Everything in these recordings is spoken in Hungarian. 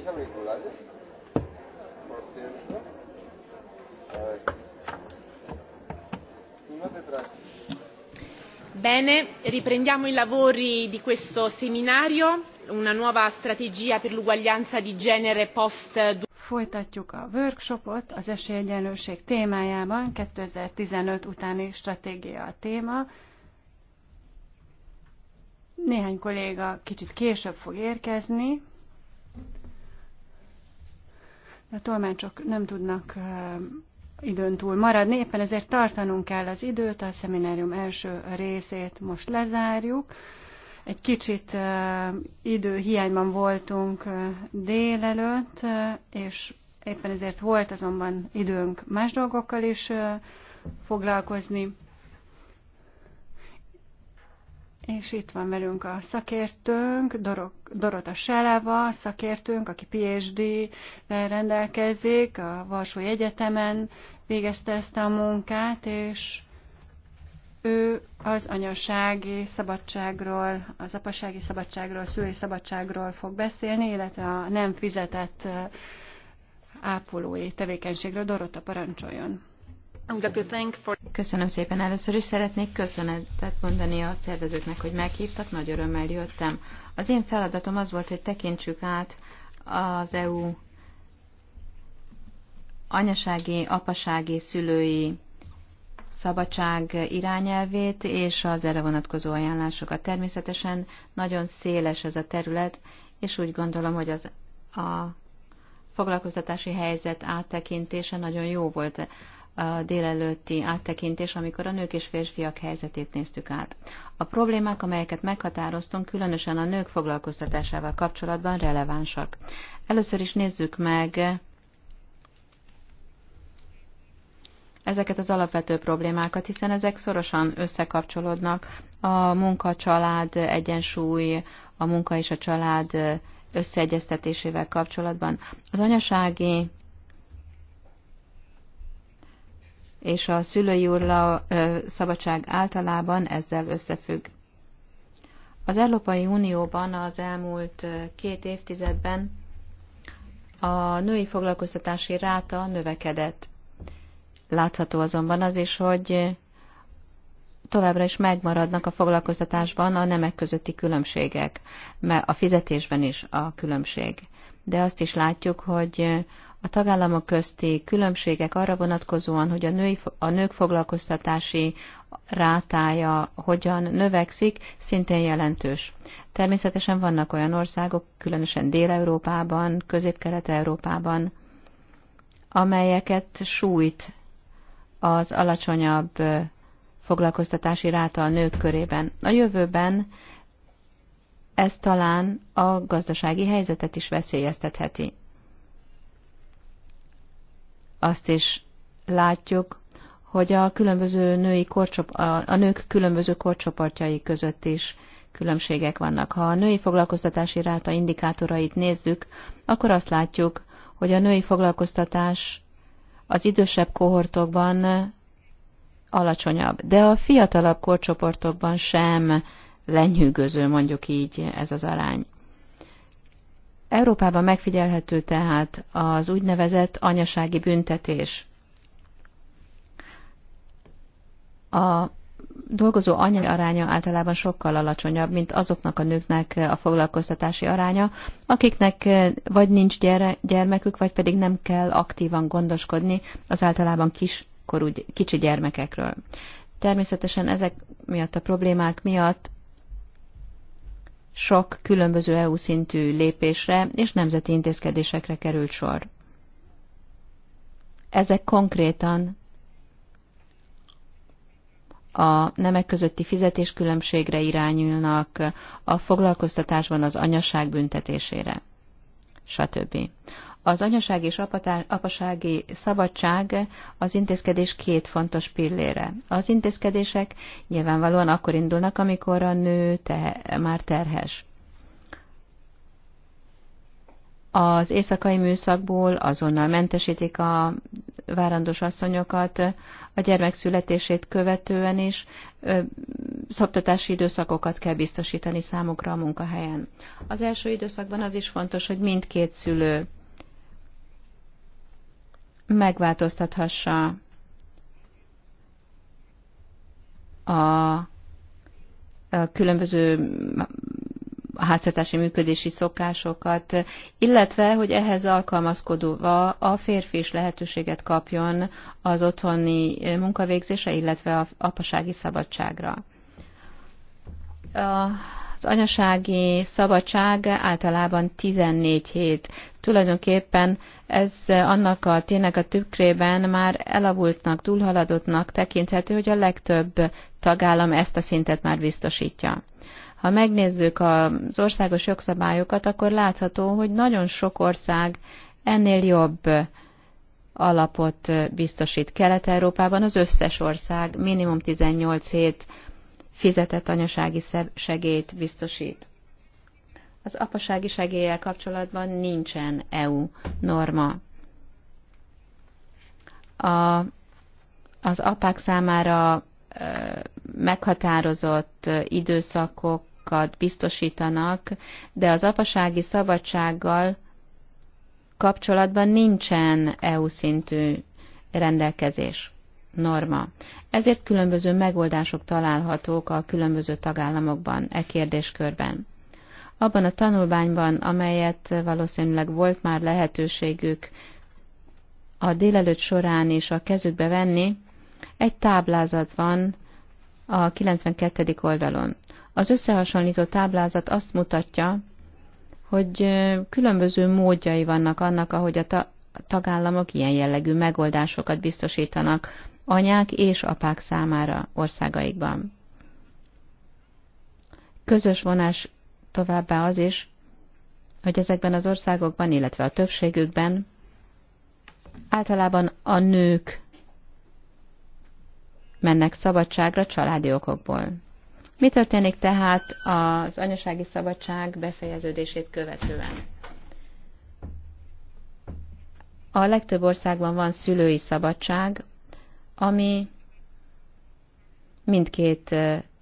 ¿Tenéis auriculares? Por cierto. A ver. Uno detrás. Bene, riprendiamo i lavori di questo seminario, una nuova strategia per l'uguaglianza di genere post Folytatjuk a workshopot az esélyegyenlőség témájában, 2015 utáni stratégia a téma. Néhány kolléga kicsit később fog érkezni, a tolmácsok nem tudnak időn túl maradni, éppen ezért tartanunk kell az időt, a szeminárium első részét most lezárjuk. Egy kicsit uh, idő hiányban voltunk uh, délelőtt, uh, és éppen ezért volt azonban időnk más dolgokkal is uh, foglalkozni. És itt van velünk a szakértőnk, Dorok, Dorota Seleva, szakértőnk, aki PhD-vel rendelkezik, a Varsói Egyetemen végezte ezt a munkát, és ő az anyasági szabadságról, az apasági szabadságról, szülői szabadságról fog beszélni, illetve a nem fizetett ápolói tevékenységről. Dorota, parancsoljon! Köszönöm szépen. Először is szeretnék köszönetet mondani a szervezőknek, hogy meghívtak, nagy örömmel jöttem. Az én feladatom az volt, hogy tekintsük át az EU anyasági, apasági, szülői szabadság irányelvét és az erre vonatkozó ajánlásokat. Természetesen nagyon széles ez a terület, és úgy gondolom, hogy az a foglalkoztatási helyzet áttekintése nagyon jó volt a délelőtti áttekintés, amikor a nők és férfiak helyzetét néztük át. A problémák, amelyeket meghatároztunk, különösen a nők foglalkoztatásával kapcsolatban relevánsak. Először is nézzük meg ezeket az alapvető problémákat, hiszen ezek szorosan összekapcsolódnak a munka-család egyensúly, a munka és a család összeegyeztetésével kapcsolatban. Az anyasági és a szülői urla szabadság általában ezzel összefügg. Az Európai Unióban az elmúlt két évtizedben a női foglalkoztatási ráta növekedett. Látható azonban az is, hogy továbbra is megmaradnak a foglalkoztatásban a nemek közötti különbségek, mert a fizetésben is a különbség. De azt is látjuk, hogy a tagállamok közti különbségek arra vonatkozóan, hogy a, női, a nők foglalkoztatási rátája hogyan növekszik, szintén jelentős. Természetesen vannak olyan országok, különösen Dél-Európában, Közép-Kelet-Európában, amelyeket sújt az alacsonyabb foglalkoztatási ráta a nők körében. A jövőben ez talán a gazdasági helyzetet is veszélyeztetheti azt is látjuk, hogy a, különböző női korcsop, a, a nők különböző korcsoportjai között is különbségek vannak. Ha a női foglalkoztatási ráta indikátorait nézzük, akkor azt látjuk, hogy a női foglalkoztatás az idősebb kohortokban alacsonyabb, de a fiatalabb korcsoportokban sem lenyűgöző, mondjuk így ez az arány. Európában megfigyelhető tehát az úgynevezett anyasági büntetés. A dolgozó anya aránya általában sokkal alacsonyabb, mint azoknak a nőknek a foglalkoztatási aránya, akiknek eh, vagy nincs gyere, gyermekük, vagy pedig nem kell aktívan gondoskodni az általában kiskorú, kicsi gyermekekről. Természetesen ezek miatt a problémák miatt sok különböző EU szintű lépésre és nemzeti intézkedésekre került sor. Ezek konkrétan a nemek közötti fizetéskülönbségre irányulnak, a foglalkoztatásban az anyaság büntetésére, stb. Az anyaság és apasági szabadság az intézkedés két fontos pillére. Az intézkedések nyilvánvalóan akkor indulnak, amikor a nő te, már terhes. Az éjszakai műszakból azonnal mentesítik a várandos asszonyokat, a gyermek születését követően is szoptatási időszakokat kell biztosítani számukra a munkahelyen. Az első időszakban az is fontos, hogy mindkét szülő megváltoztathassa a, különböző háztartási működési szokásokat, illetve, hogy ehhez alkalmazkodva a férfi is lehetőséget kapjon az otthoni munkavégzésre, illetve a apasági szabadságra. A az anyasági szabadság általában 14 hét. Tulajdonképpen ez annak a tényleg a tükrében már elavultnak, túlhaladottnak tekinthető, hogy a legtöbb tagállam ezt a szintet már biztosítja. Ha megnézzük az országos jogszabályokat, akkor látható, hogy nagyon sok ország ennél jobb alapot biztosít. Kelet-Európában az összes ország minimum 18 hét fizetett anyasági segélyt biztosít. Az apasági segéllyel kapcsolatban nincsen EU norma. A, az apák számára meghatározott időszakokat biztosítanak, de az apasági szabadsággal kapcsolatban nincsen EU szintű rendelkezés norma. Ezért különböző megoldások találhatók a különböző tagállamokban e kérdéskörben. Abban a tanulmányban, amelyet valószínűleg volt már lehetőségük a délelőtt során is a kezükbe venni, egy táblázat van a 92. oldalon. Az összehasonlító táblázat azt mutatja, hogy különböző módjai vannak annak, ahogy a, ta- tagállamok ilyen jellegű megoldásokat biztosítanak anyák és apák számára országaikban. Közös vonás továbbá az is, hogy ezekben az országokban, illetve a többségükben általában a nők mennek szabadságra családi okokból. Mi történik tehát az anyasági szabadság befejeződését követően? A legtöbb országban van szülői szabadság, ami mindkét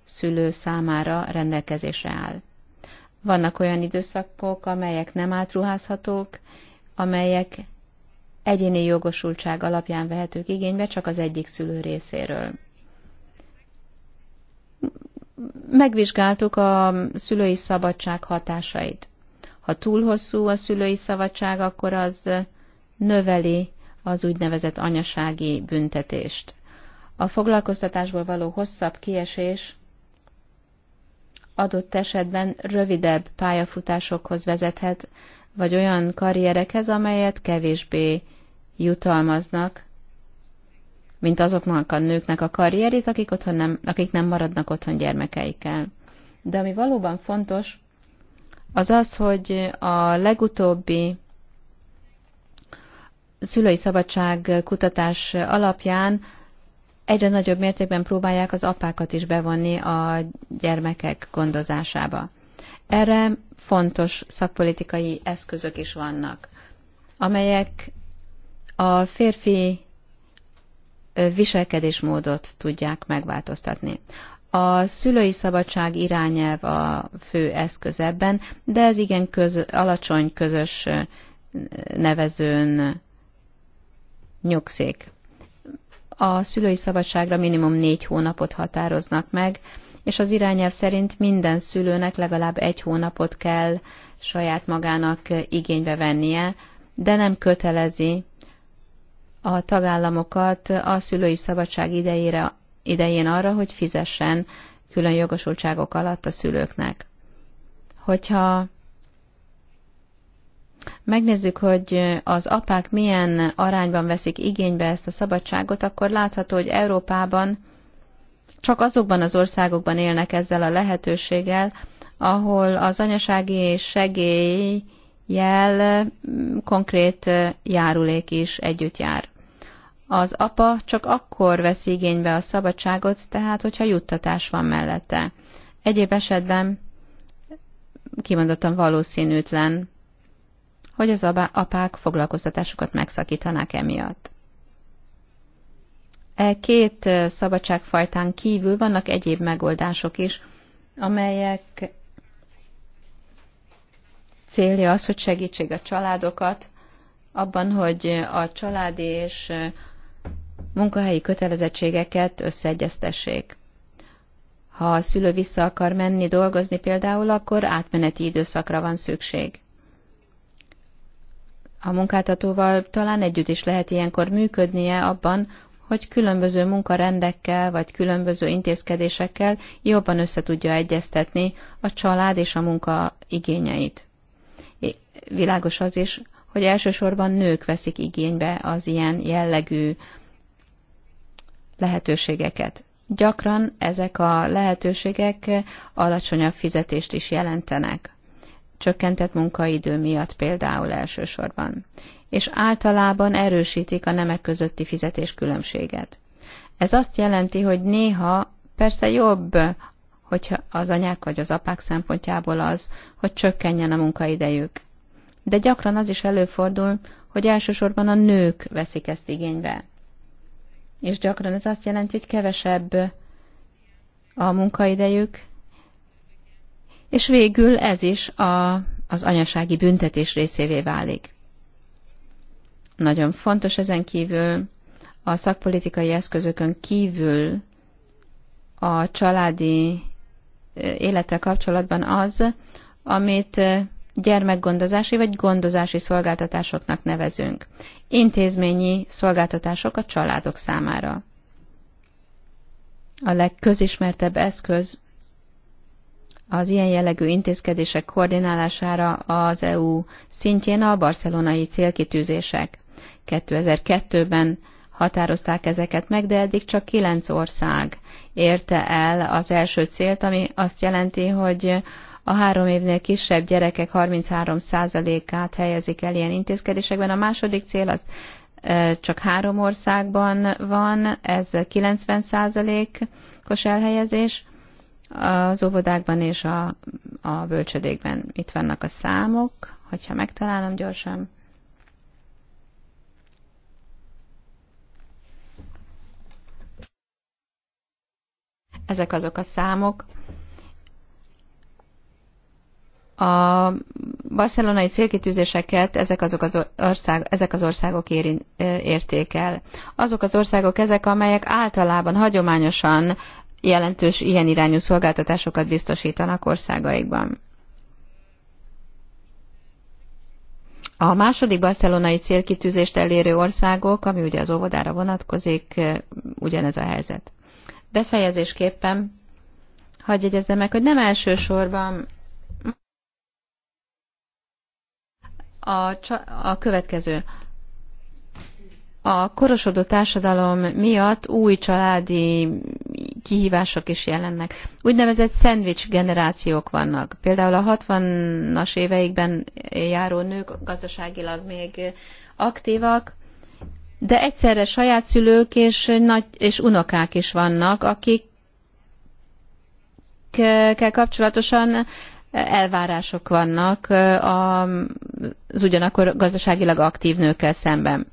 szülő számára rendelkezésre áll. Vannak olyan időszakok, amelyek nem átruházhatók, amelyek egyéni jogosultság alapján vehetők igénybe csak az egyik szülő részéről. Megvizsgáltuk a szülői szabadság hatásait. Ha túl hosszú a szülői szabadság, akkor az növeli az úgynevezett anyasági büntetést. A foglalkoztatásból való hosszabb kiesés adott esetben rövidebb pályafutásokhoz vezethet, vagy olyan karrierekhez, amelyet kevésbé jutalmaznak, mint azoknak a nőknek a karrierit, akik, otthon nem, akik nem maradnak otthon gyermekeikkel. De ami valóban fontos, az az, hogy a legutóbbi szülői szabadság kutatás alapján egyre nagyobb mértékben próbálják az apákat is bevonni a gyermekek gondozásába. Erre fontos szakpolitikai eszközök is vannak, amelyek a férfi viselkedésmódot tudják megváltoztatni. A szülői szabadság irányelv a fő eszköz ebben, de ez igen köz, alacsony közös nevezőn nyugszik. A szülői szabadságra minimum négy hónapot határoznak meg, és az irányelv szerint minden szülőnek legalább egy hónapot kell saját magának igénybe vennie, de nem kötelezi a tagállamokat a szülői szabadság idejére, idején arra, hogy fizessen külön jogosultságok alatt a szülőknek. Hogyha megnézzük, hogy az apák milyen arányban veszik igénybe ezt a szabadságot, akkor látható, hogy Európában csak azokban az országokban élnek ezzel a lehetőséggel, ahol az anyasági segélyjel mm, konkrét járulék is együtt jár. Az apa csak akkor vesz igénybe a szabadságot, tehát hogyha juttatás van mellette. Egyéb esetben kimondottan valószínűtlen, hogy az apák foglalkoztatásukat megszakítanák emiatt. E két szabadságfajtán kívül vannak egyéb megoldások is, amelyek célja az, hogy segítség a családokat abban, hogy a családi és munkahelyi kötelezettségeket összeegyeztessék. Ha a szülő vissza akar menni dolgozni például, akkor átmeneti időszakra van szükség a munkáltatóval talán együtt is lehet ilyenkor működnie abban, hogy különböző munkarendekkel vagy különböző intézkedésekkel jobban össze tudja egyeztetni a család és a munka igényeit. Világos az is, hogy elsősorban nők veszik igénybe az ilyen jellegű lehetőségeket. Gyakran ezek a lehetőségek alacsonyabb fizetést is jelentenek csökkentett munkaidő miatt például elsősorban, és általában erősítik a nemek közötti fizetés különbséget. Ez azt jelenti, hogy néha persze jobb, hogyha az anyák vagy az apák szempontjából az, hogy csökkenjen a munkaidejük. De gyakran az is előfordul, hogy elsősorban a nők veszik ezt igénybe. És gyakran ez azt jelenti, hogy kevesebb a munkaidejük, és végül ez is a, az anyasági büntetés részévé válik. Nagyon fontos ezen kívül a szakpolitikai eszközökön kívül a családi élettel kapcsolatban az, amit gyermekgondozási vagy gondozási szolgáltatásoknak nevezünk. Intézményi szolgáltatások a családok számára. A legközismertebb eszköz az ilyen jellegű intézkedések koordinálására az EU szintjén a barcelonai célkitűzések. 2002-ben határozták ezeket meg, de eddig csak kilenc ország érte el az első célt, ami azt jelenti, hogy a három évnél kisebb gyerekek 33%-át helyezik el ilyen intézkedésekben. A második cél az csak három országban van, ez 90%-os elhelyezés, az óvodákban és a, a bölcsödékben. Itt vannak a számok, hogyha megtalálom gyorsan. Ezek azok a számok. A barcelonai célkitűzéseket ezek, azok az, ország, ezek az országok érin, érték el. Azok az országok ezek, amelyek általában hagyományosan jelentős ilyen irányú szolgáltatásokat biztosítanak országaikban. A második barcelonai célkitűzést elérő országok, ami ugye az óvodára vonatkozik, ugyanez a helyzet. Befejezésképpen hagyj jegyezzem meg, hogy nem elsősorban a, a következő. A korosodó társadalom miatt új családi kihívások is jelennek. Úgynevezett szendvics generációk vannak. Például a 60-as éveikben járó nők gazdaságilag még aktívak, de egyszerre saját szülők és, nagy, és unokák is vannak, akikkel kapcsolatosan elvárások vannak az ugyanakkor gazdaságilag aktív nőkkel szemben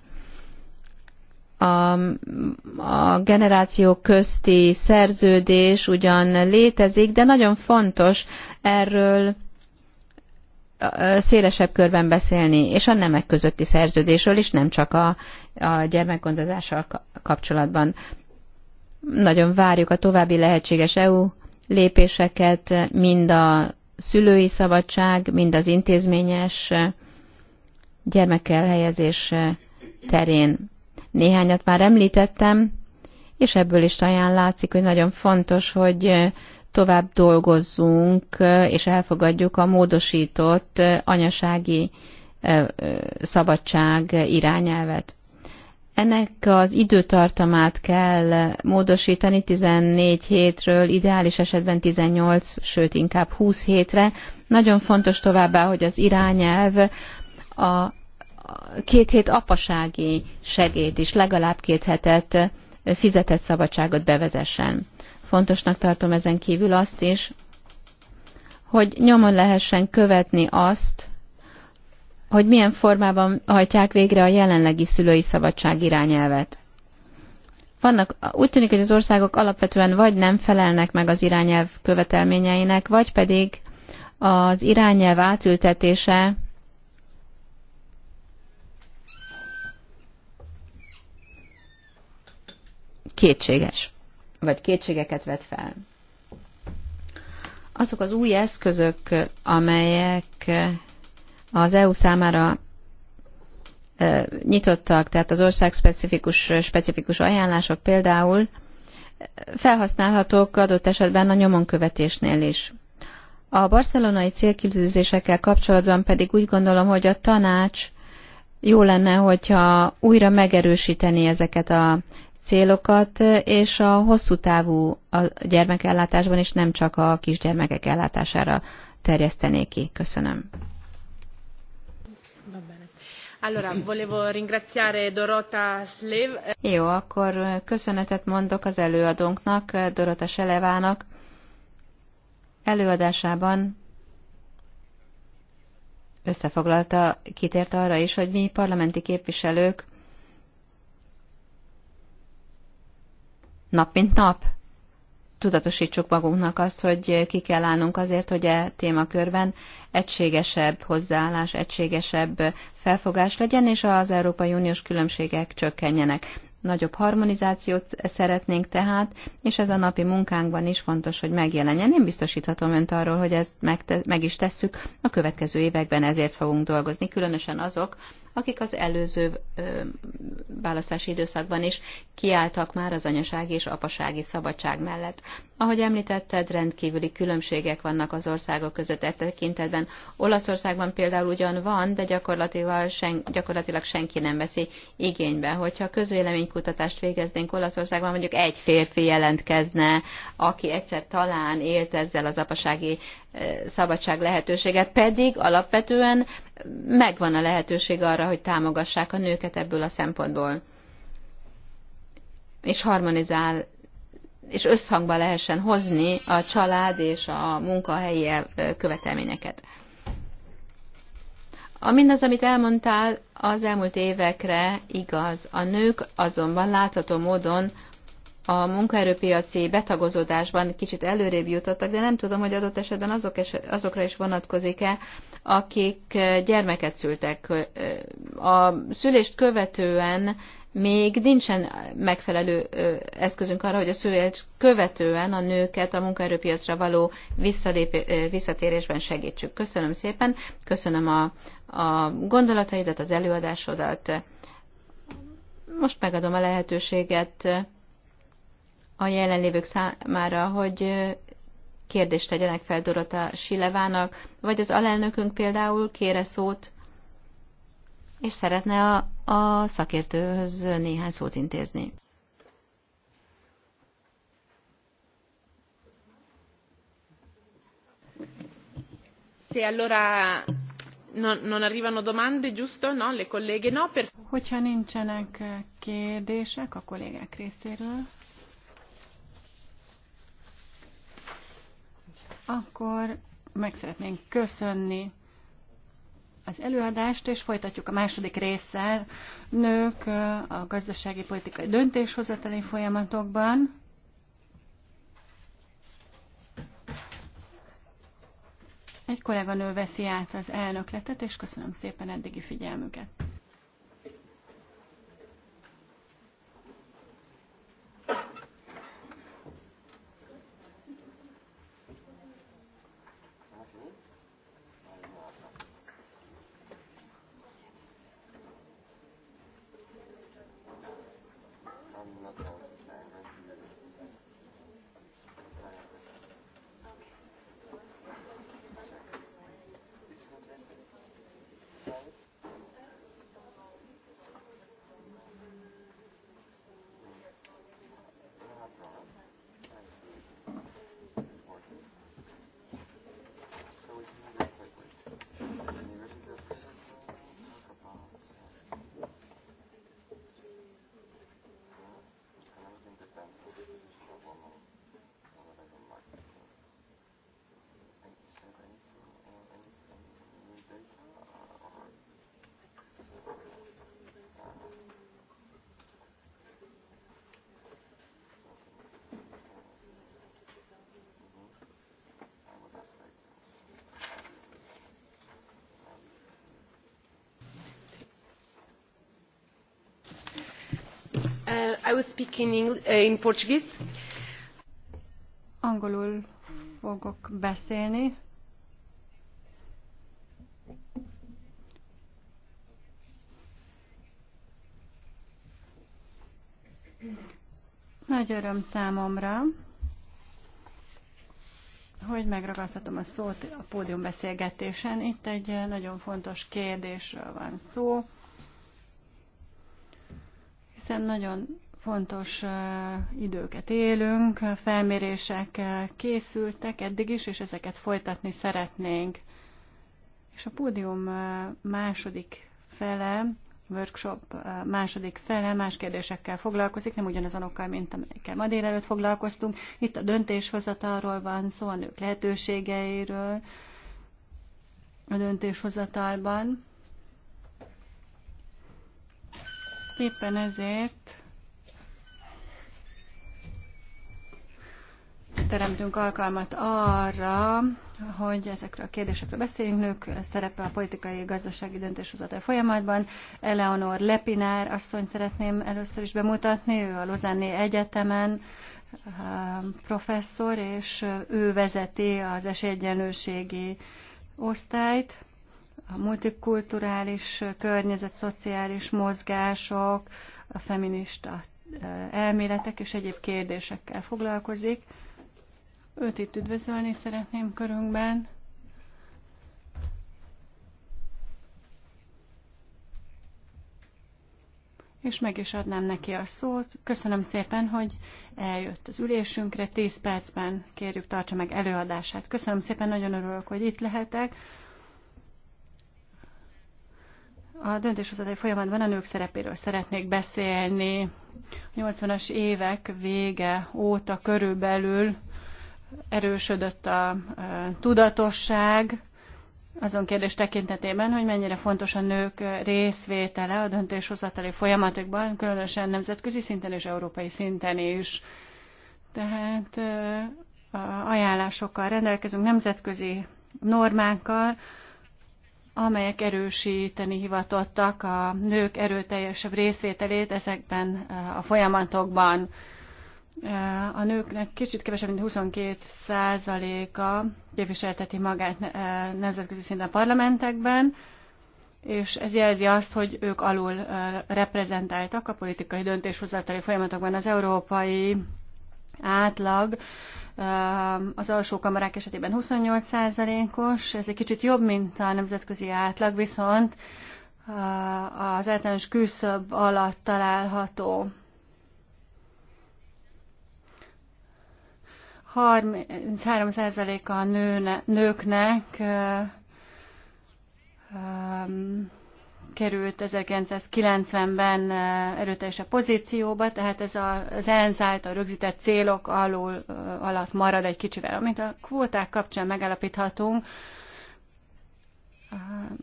a, a generációk közti szerződés ugyan létezik, de nagyon fontos erről szélesebb körben beszélni, és a nemek közötti szerződésről is, nem csak a, a gyermekgondozással kapcsolatban. Nagyon várjuk a további lehetséges EU lépéseket, mind a szülői szabadság, mind az intézményes helyezés terén. Néhányat már említettem, és ebből is talán látszik, hogy nagyon fontos, hogy tovább dolgozzunk, és elfogadjuk a módosított anyasági szabadság irányelvet. Ennek az időtartamát kell módosítani 14 hétről, ideális esetben 18, sőt inkább 20 hétre. Nagyon fontos továbbá, hogy az irányelv a két hét apasági segéd is, legalább két hetet fizetett szabadságot bevezessen. Fontosnak tartom ezen kívül azt is, hogy nyomon lehessen követni azt, hogy milyen formában hajtják végre a jelenlegi szülői szabadság irányelvet. Vannak, úgy tűnik, hogy az országok alapvetően vagy nem felelnek meg az irányelv követelményeinek, vagy pedig az irányelv átültetése kétséges, vagy kétségeket vet fel. Azok az új eszközök, amelyek az EU számára e, nyitottak, tehát az ország specifikus, specifikus ajánlások például e, felhasználhatók adott esetben a nyomonkövetésnél is. A barcelonai célkidőzésekkel kapcsolatban pedig úgy gondolom, hogy a tanács jó lenne, hogyha újra megerősíteni ezeket a célokat, és a hosszú távú a gyermekellátásban is nem csak a kisgyermekek ellátására terjesztené ki. Köszönöm. Jó, akkor köszönetet mondok az előadónknak, Dorota Selevának. Előadásában összefoglalta, kitért arra is, hogy mi parlamenti képviselők nap mint nap tudatosítsuk magunknak azt, hogy ki kell állnunk azért, hogy a e témakörben egységesebb hozzáállás, egységesebb felfogás legyen, és az Európai Uniós különbségek csökkenjenek. Nagyobb harmonizációt szeretnénk tehát, és ez a napi munkánkban is fontos, hogy megjelenjen. Én biztosíthatom önt arról, hogy ezt meg, meg is tesszük. A következő években ezért fogunk dolgozni, különösen azok, akik az előző választási időszakban is kiálltak már az anyasági és apasági szabadság mellett. Ahogy említetted, rendkívüli különbségek vannak az országok között e tekintetben. Olaszországban például ugyan van, de gyakorlatilag, sen, gyakorlatilag senki nem veszi igénybe. Hogyha közvéleménykutatást végeznénk Olaszországban, mondjuk egy férfi jelentkezne, aki egyszer talán élt ezzel az apasági szabadság lehetőséget, pedig alapvetően megvan a lehetőség arra, hogy támogassák a nőket ebből a szempontból. És harmonizál, és összhangba lehessen hozni a család és a munkahelyi követelményeket. A mindaz, amit elmondtál, az elmúlt évekre igaz. A nők azonban látható módon a munkaerőpiaci betagozódásban kicsit előrébb jutottak, de nem tudom, hogy adott esetben azok eset, azokra is vonatkozik-e, akik gyermeket szültek. A szülést követően még nincsen megfelelő eszközünk arra, hogy a szülést követően a nőket a munkaerőpiacra való visszalép, visszatérésben segítsük. Köszönöm szépen, köszönöm a, a gondolataidat, az előadásodat. Most megadom a lehetőséget a jelenlévők számára, hogy kérdést tegyenek fel Dorota Silevának, vagy az alelnökünk például kére szót, és szeretne a, a szakértőhöz néhány szót intézni. Se allora non, non arrivano domande, giusto? No, le colleghe no. Per... Hogyha nincsenek eh, kérdések a kollégák részéről, akkor meg szeretnénk köszönni az előadást, és folytatjuk a második résszel nők a gazdasági politikai döntéshozatali folyamatokban. Egy kolléganő veszi át az elnökletet, és köszönöm szépen eddigi figyelmüket. Eh, Angolul fogok beszélni. Nagy öröm számomra, hogy megragadhatom a szót a pódium beszélgetésen. Itt egy nagyon fontos kérdésről van szó, hiszen nagyon fontos időket élünk, felmérések készültek eddig is, és ezeket folytatni szeretnénk. És a pódium második fele, workshop második fele más kérdésekkel foglalkozik, nem ugyanazonokkal, mint amelyekkel ma délelőtt foglalkoztunk. Itt a döntéshozatalról van szó, a nők lehetőségeiről a döntéshozatalban. Éppen ezért teremtünk alkalmat arra, hogy ezekről a kérdésekről beszéljünk. Nők szerepe a politikai gazdasági döntéshozatal folyamatban. Eleonor Lepinár asszony szeretném először is bemutatni. Ő a Lozánni Egyetemen um, professzor, és ő vezeti az esélyegyenlőségi osztályt a multikulturális környezet, szociális mozgások, a feminista uh, elméletek és egyéb kérdésekkel foglalkozik. Őt itt üdvözölni szeretném körünkben. És meg is adnám neki a szót. Köszönöm szépen, hogy eljött az ülésünkre. 10 percben kérjük, tartsa meg előadását. Köszönöm szépen, nagyon örülök, hogy itt lehetek. A döntéshozatai folyamatban a nők szerepéről szeretnék beszélni. A 80-as évek vége óta körülbelül erősödött a tudatosság azon kérdés tekintetében, hogy mennyire fontos a nők részvétele a döntéshozatali folyamatokban, különösen nemzetközi szinten és európai szinten is. Tehát ajánlásokkal rendelkezünk, nemzetközi normákkal, amelyek erősíteni hivatottak a nők erőteljesebb részvételét ezekben a folyamatokban. A nőknek kicsit kevesebb, mint 22 százaléka képviselteti magát eh, nemzetközi szinten a parlamentekben, és ez jelzi azt, hogy ők alul eh, reprezentáltak a politikai döntéshozatali folyamatokban. Az európai átlag eh, az alsó kamarák esetében 28 százalékos, ez egy kicsit jobb, mint a nemzetközi átlag, viszont az általános küszöb alatt található. 33%-a a nőne, nőknek um, került 1990-ben erőteljesebb pozícióba, tehát ez az ENSZ által rögzített célok alul alatt marad egy kicsivel. Amit a kvóták kapcsán megállapíthatunk,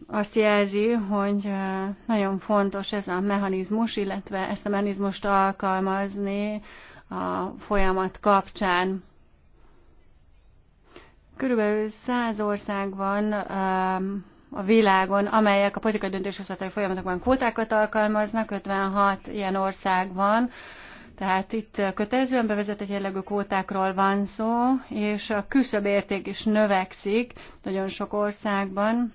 azt jelzi, hogy nagyon fontos ez a mechanizmus, illetve ezt a mechanizmust alkalmazni a folyamat kapcsán. Körülbelül száz ország van um, a világon, amelyek a politikai döntéshozatai folyamatokban kvótákat alkalmaznak, 56 ilyen ország van, tehát itt kötelezően bevezetett jellegű kvótákról van szó, és a küszöbérték is növekszik nagyon sok országban,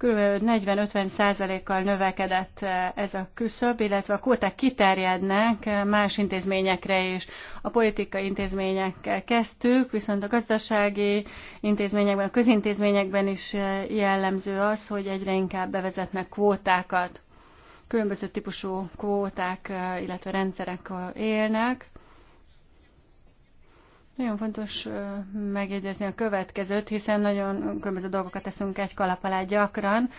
kb. 40-50 százalékkal növekedett eh, ez a küszöb, illetve a kóták kiterjednek eh, más intézményekre is. A politikai intézményekkel kezdtük, viszont a gazdasági intézményekben, a közintézményekben is eh, jellemző az, hogy egyre inkább bevezetnek kvótákat. Különböző típusú kvóták, illetve rendszerek élnek. Nagyon fontos megjegyezni a következőt, hiszen nagyon különböző dolgokat teszünk egy kalap alá gyakran.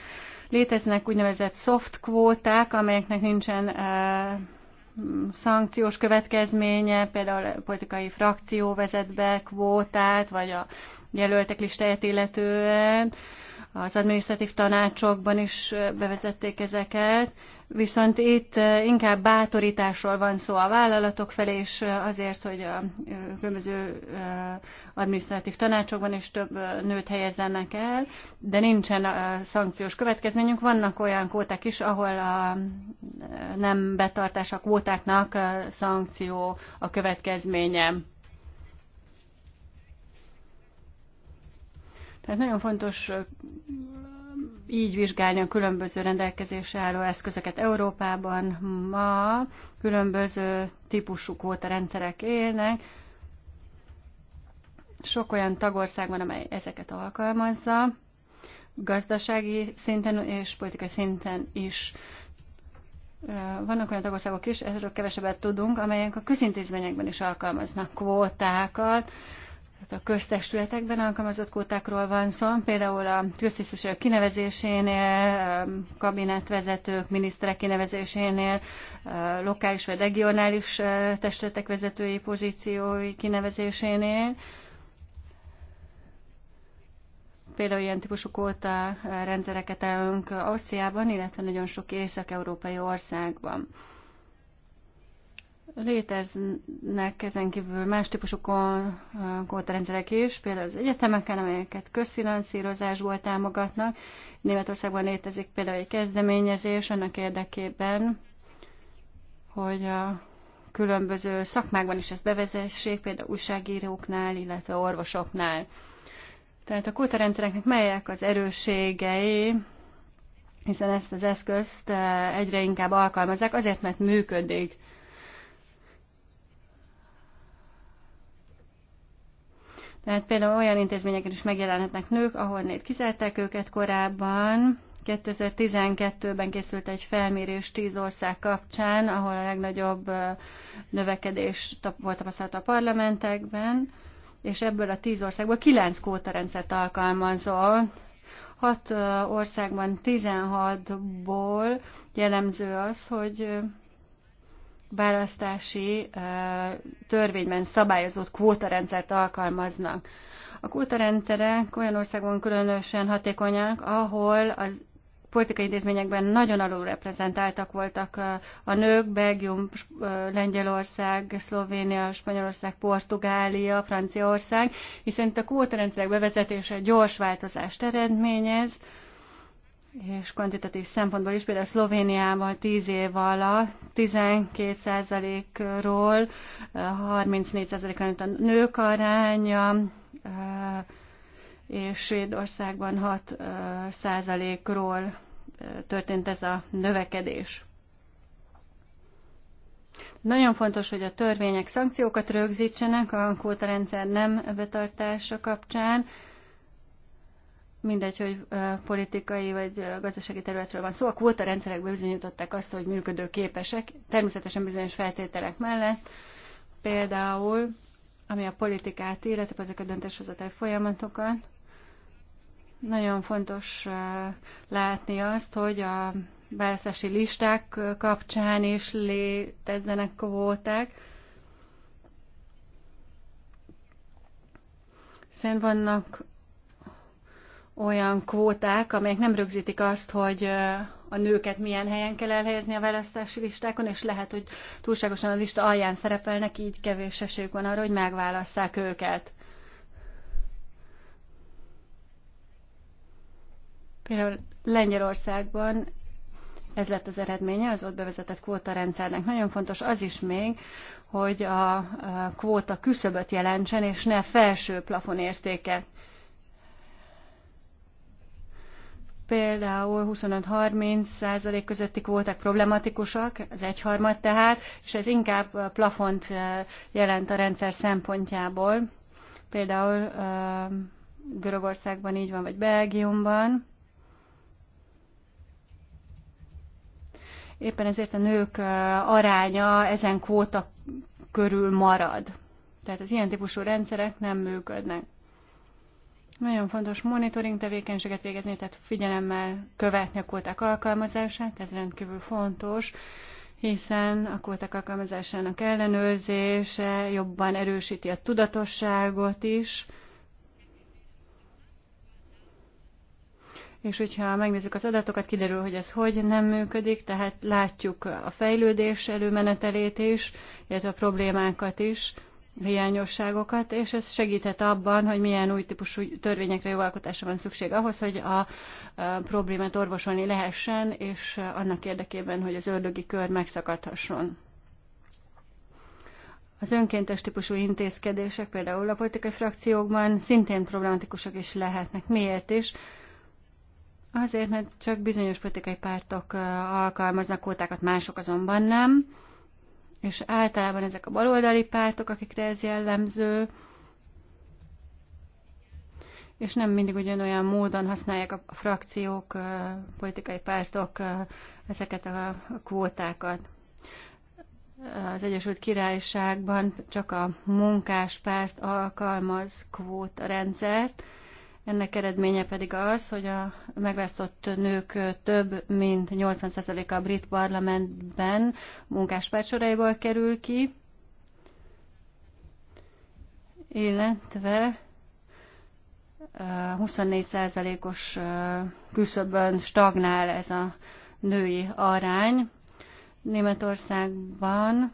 Léteznek úgynevezett soft kvóták, amelyeknek nincsen szankciós következménye, például a politikai frakció vezet be kvótát, vagy a jelöltek listáját illetően. Az adminisztratív tanácsokban is bevezették ezeket. Viszont itt inkább bátorításról van szó a vállalatok felé, és azért, hogy a különböző adminisztratív tanácsokban is több nőt helyezzenek el, de nincsen szankciós következményünk. Vannak olyan kóták is, ahol a nem betartás a kvótáknak a szankció a következménye. Tehát nagyon fontos így vizsgálni a különböző rendelkezésre álló eszközöket Európában. Ma különböző típusú rendszerek élnek, sok olyan tagország van, amely ezeket alkalmazza, gazdasági szinten és politikai szinten is. Vannak olyan tagországok is, erről kevesebbet tudunk, amelyek a közintézményekben is alkalmaznak kvótákat, a köztestületekben alkalmazott kótákról van szó, például a köztisztviselők kinevezésénél, kabinetvezetők, miniszterek kinevezésénél, lokális vagy regionális testületek vezetői pozíciói kinevezésénél. Például ilyen típusú kóta rendszereket állunk Ausztriában, illetve nagyon sok észak-európai országban. Léteznek ezen kívül más típusú kótarendszerek is, például az egyetemeken, amelyeket közfinanszírozásból támogatnak. Németországban létezik például egy kezdeményezés annak érdekében, hogy a különböző szakmákban is ezt bevezessék, például újságíróknál, illetve orvosoknál. Tehát a kótarendszereknek melyek az erősségei, hiszen ezt az eszközt egyre inkább alkalmazzák, azért, mert működik. Tehát például olyan intézményeken is megjelenhetnek nők, ahol kizárták őket korábban. 2012-ben készült egy felmérés 10 ország kapcsán, ahol a legnagyobb növekedés volt tapasztalata a parlamentekben, és ebből a 10 országból 9 kótarendszert alkalmazol. 6 országban 16-ból jellemző az, hogy választási törvényben szabályozott kvótarendszert alkalmaznak. A kvótarendszerek olyan országon különösen hatékonyak, ahol az politikai intézményekben nagyon alulreprezentáltak voltak a nők, Belgium, Lengyelország, Szlovénia, Spanyolország, Portugália, Franciaország, hiszen itt a kvótarendszerek bevezetése gyors változást eredményez, és kvantitatív szempontból is, például Szlovéniában 10 év alatt 12%-ról 34%-ra eh, nőtt a nők aránya, eh, és Svédországban 6%-ról eh, történt ez a növekedés. Nagyon fontos, hogy a törvények szankciókat rögzítsenek a kvótarendszer nem betartása kapcsán, mindegy, hogy politikai vagy gazdasági területről van szó, a kvóta rendszerek bizonyították azt, hogy működő képesek, természetesen bizonyos feltételek mellett, például ami a politikát illeti, ezek a döntéshozatai folyamatokat, nagyon fontos látni azt, hogy a választási listák kapcsán is létezzenek kvóták, hiszen vannak olyan kvóták, amelyek nem rögzítik azt, hogy a nőket milyen helyen kell elhelyezni a választási listákon, és lehet, hogy túlságosan a lista alján szerepelnek, így kevés esélyük van arra, hogy megválasszák őket. Például Lengyelországban ez lett az eredménye az ott bevezetett kvótarendszernek. Nagyon fontos az is még, hogy a kvóta küszöböt jelentsen, és ne felső plafonértéket. például 25-30 százalék közötti kvóták problematikusak, az egyharmad tehát, és ez inkább plafont jelent a rendszer szempontjából. Például Görögországban így van, vagy Belgiumban. Éppen ezért a nők aránya ezen kvóta körül marad. Tehát az ilyen típusú rendszerek nem működnek. Nagyon fontos monitoring tevékenységet végezni, tehát figyelemmel követni a kóták alkalmazását, ez rendkívül fontos, hiszen a kóták alkalmazásának ellenőrzése jobban erősíti a tudatosságot is, és hogyha megnézzük az adatokat, kiderül, hogy ez hogy nem működik, tehát látjuk a fejlődés előmenetelét is, illetve a problémákat is hiányosságokat, és ez segített abban, hogy milyen új típusú törvényekre alkotásra van szükség ahhoz, hogy a problémát orvosolni lehessen, és annak érdekében, hogy az ördögi kör megszakadhasson. Az önkéntes típusú intézkedések például a politikai frakciókban szintén problematikusak is lehetnek. Miért is? Azért, mert csak bizonyos politikai pártok alkalmaznak kótákat, mások azonban nem és általában ezek a baloldali pártok, akikre ez jellemző, és nem mindig ugyanolyan módon használják a frakciók, a politikai pártok ezeket a kvótákat. Az Egyesült Királyságban csak a munkáspárt alkalmaz kvóta rendszert, ennek eredménye pedig az, hogy a megvesztott nők több mint 80%-a a brit parlamentben munkáspársoraiból kerül ki, illetve 24%-os küszöbön stagnál ez a női arány. Németországban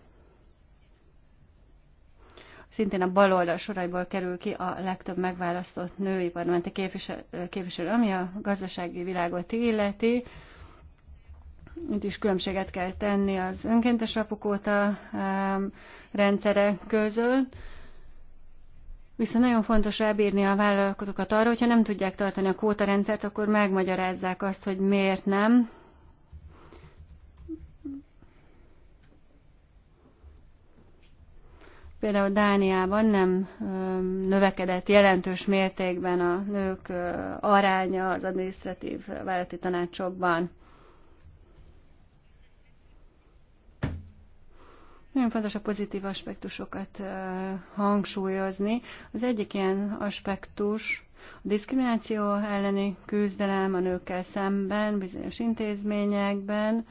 szintén a baloldal soraiból kerül ki a legtöbb megválasztott női parlamenti képviselő, képviselő ami a gazdasági világot illeti. Itt is különbséget kell tenni az önkéntes apukóta rendszere között. Viszont nagyon fontos rábírni a vállalkozókat arra, hogyha nem tudják tartani a rendszert, akkor megmagyarázzák azt, hogy miért nem. Például Dániában nem növekedett jelentős mértékben a nők aránya az adminisztratív vállalati tanácsokban. Nagyon fontos a pozitív aspektusokat hangsúlyozni. Az egyik ilyen aspektus a diszkrimináció elleni küzdelem a nőkkel szemben, bizonyos intézményekben,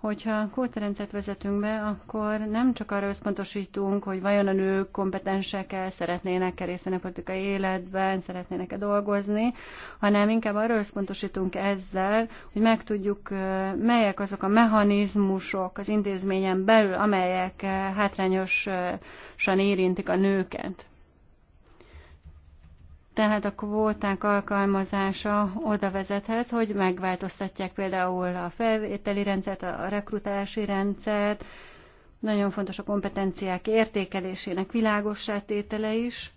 Hogyha kvótarendszert vezetünk be, akkor nem csak arra összpontosítunk, hogy vajon a nők kompetensek-e, szeretnének-e részt a politikai életben, szeretnének-e dolgozni, hanem inkább arra összpontosítunk ezzel, hogy megtudjuk, melyek azok a mechanizmusok az intézményen belül, amelyek hátrányosan érintik a nőket. Tehát a kvóták alkalmazása oda vezethet, hogy megváltoztatják például a felvételi rendszert, a rekrutálási rendszert, nagyon fontos a kompetenciák értékelésének világossá tétele is.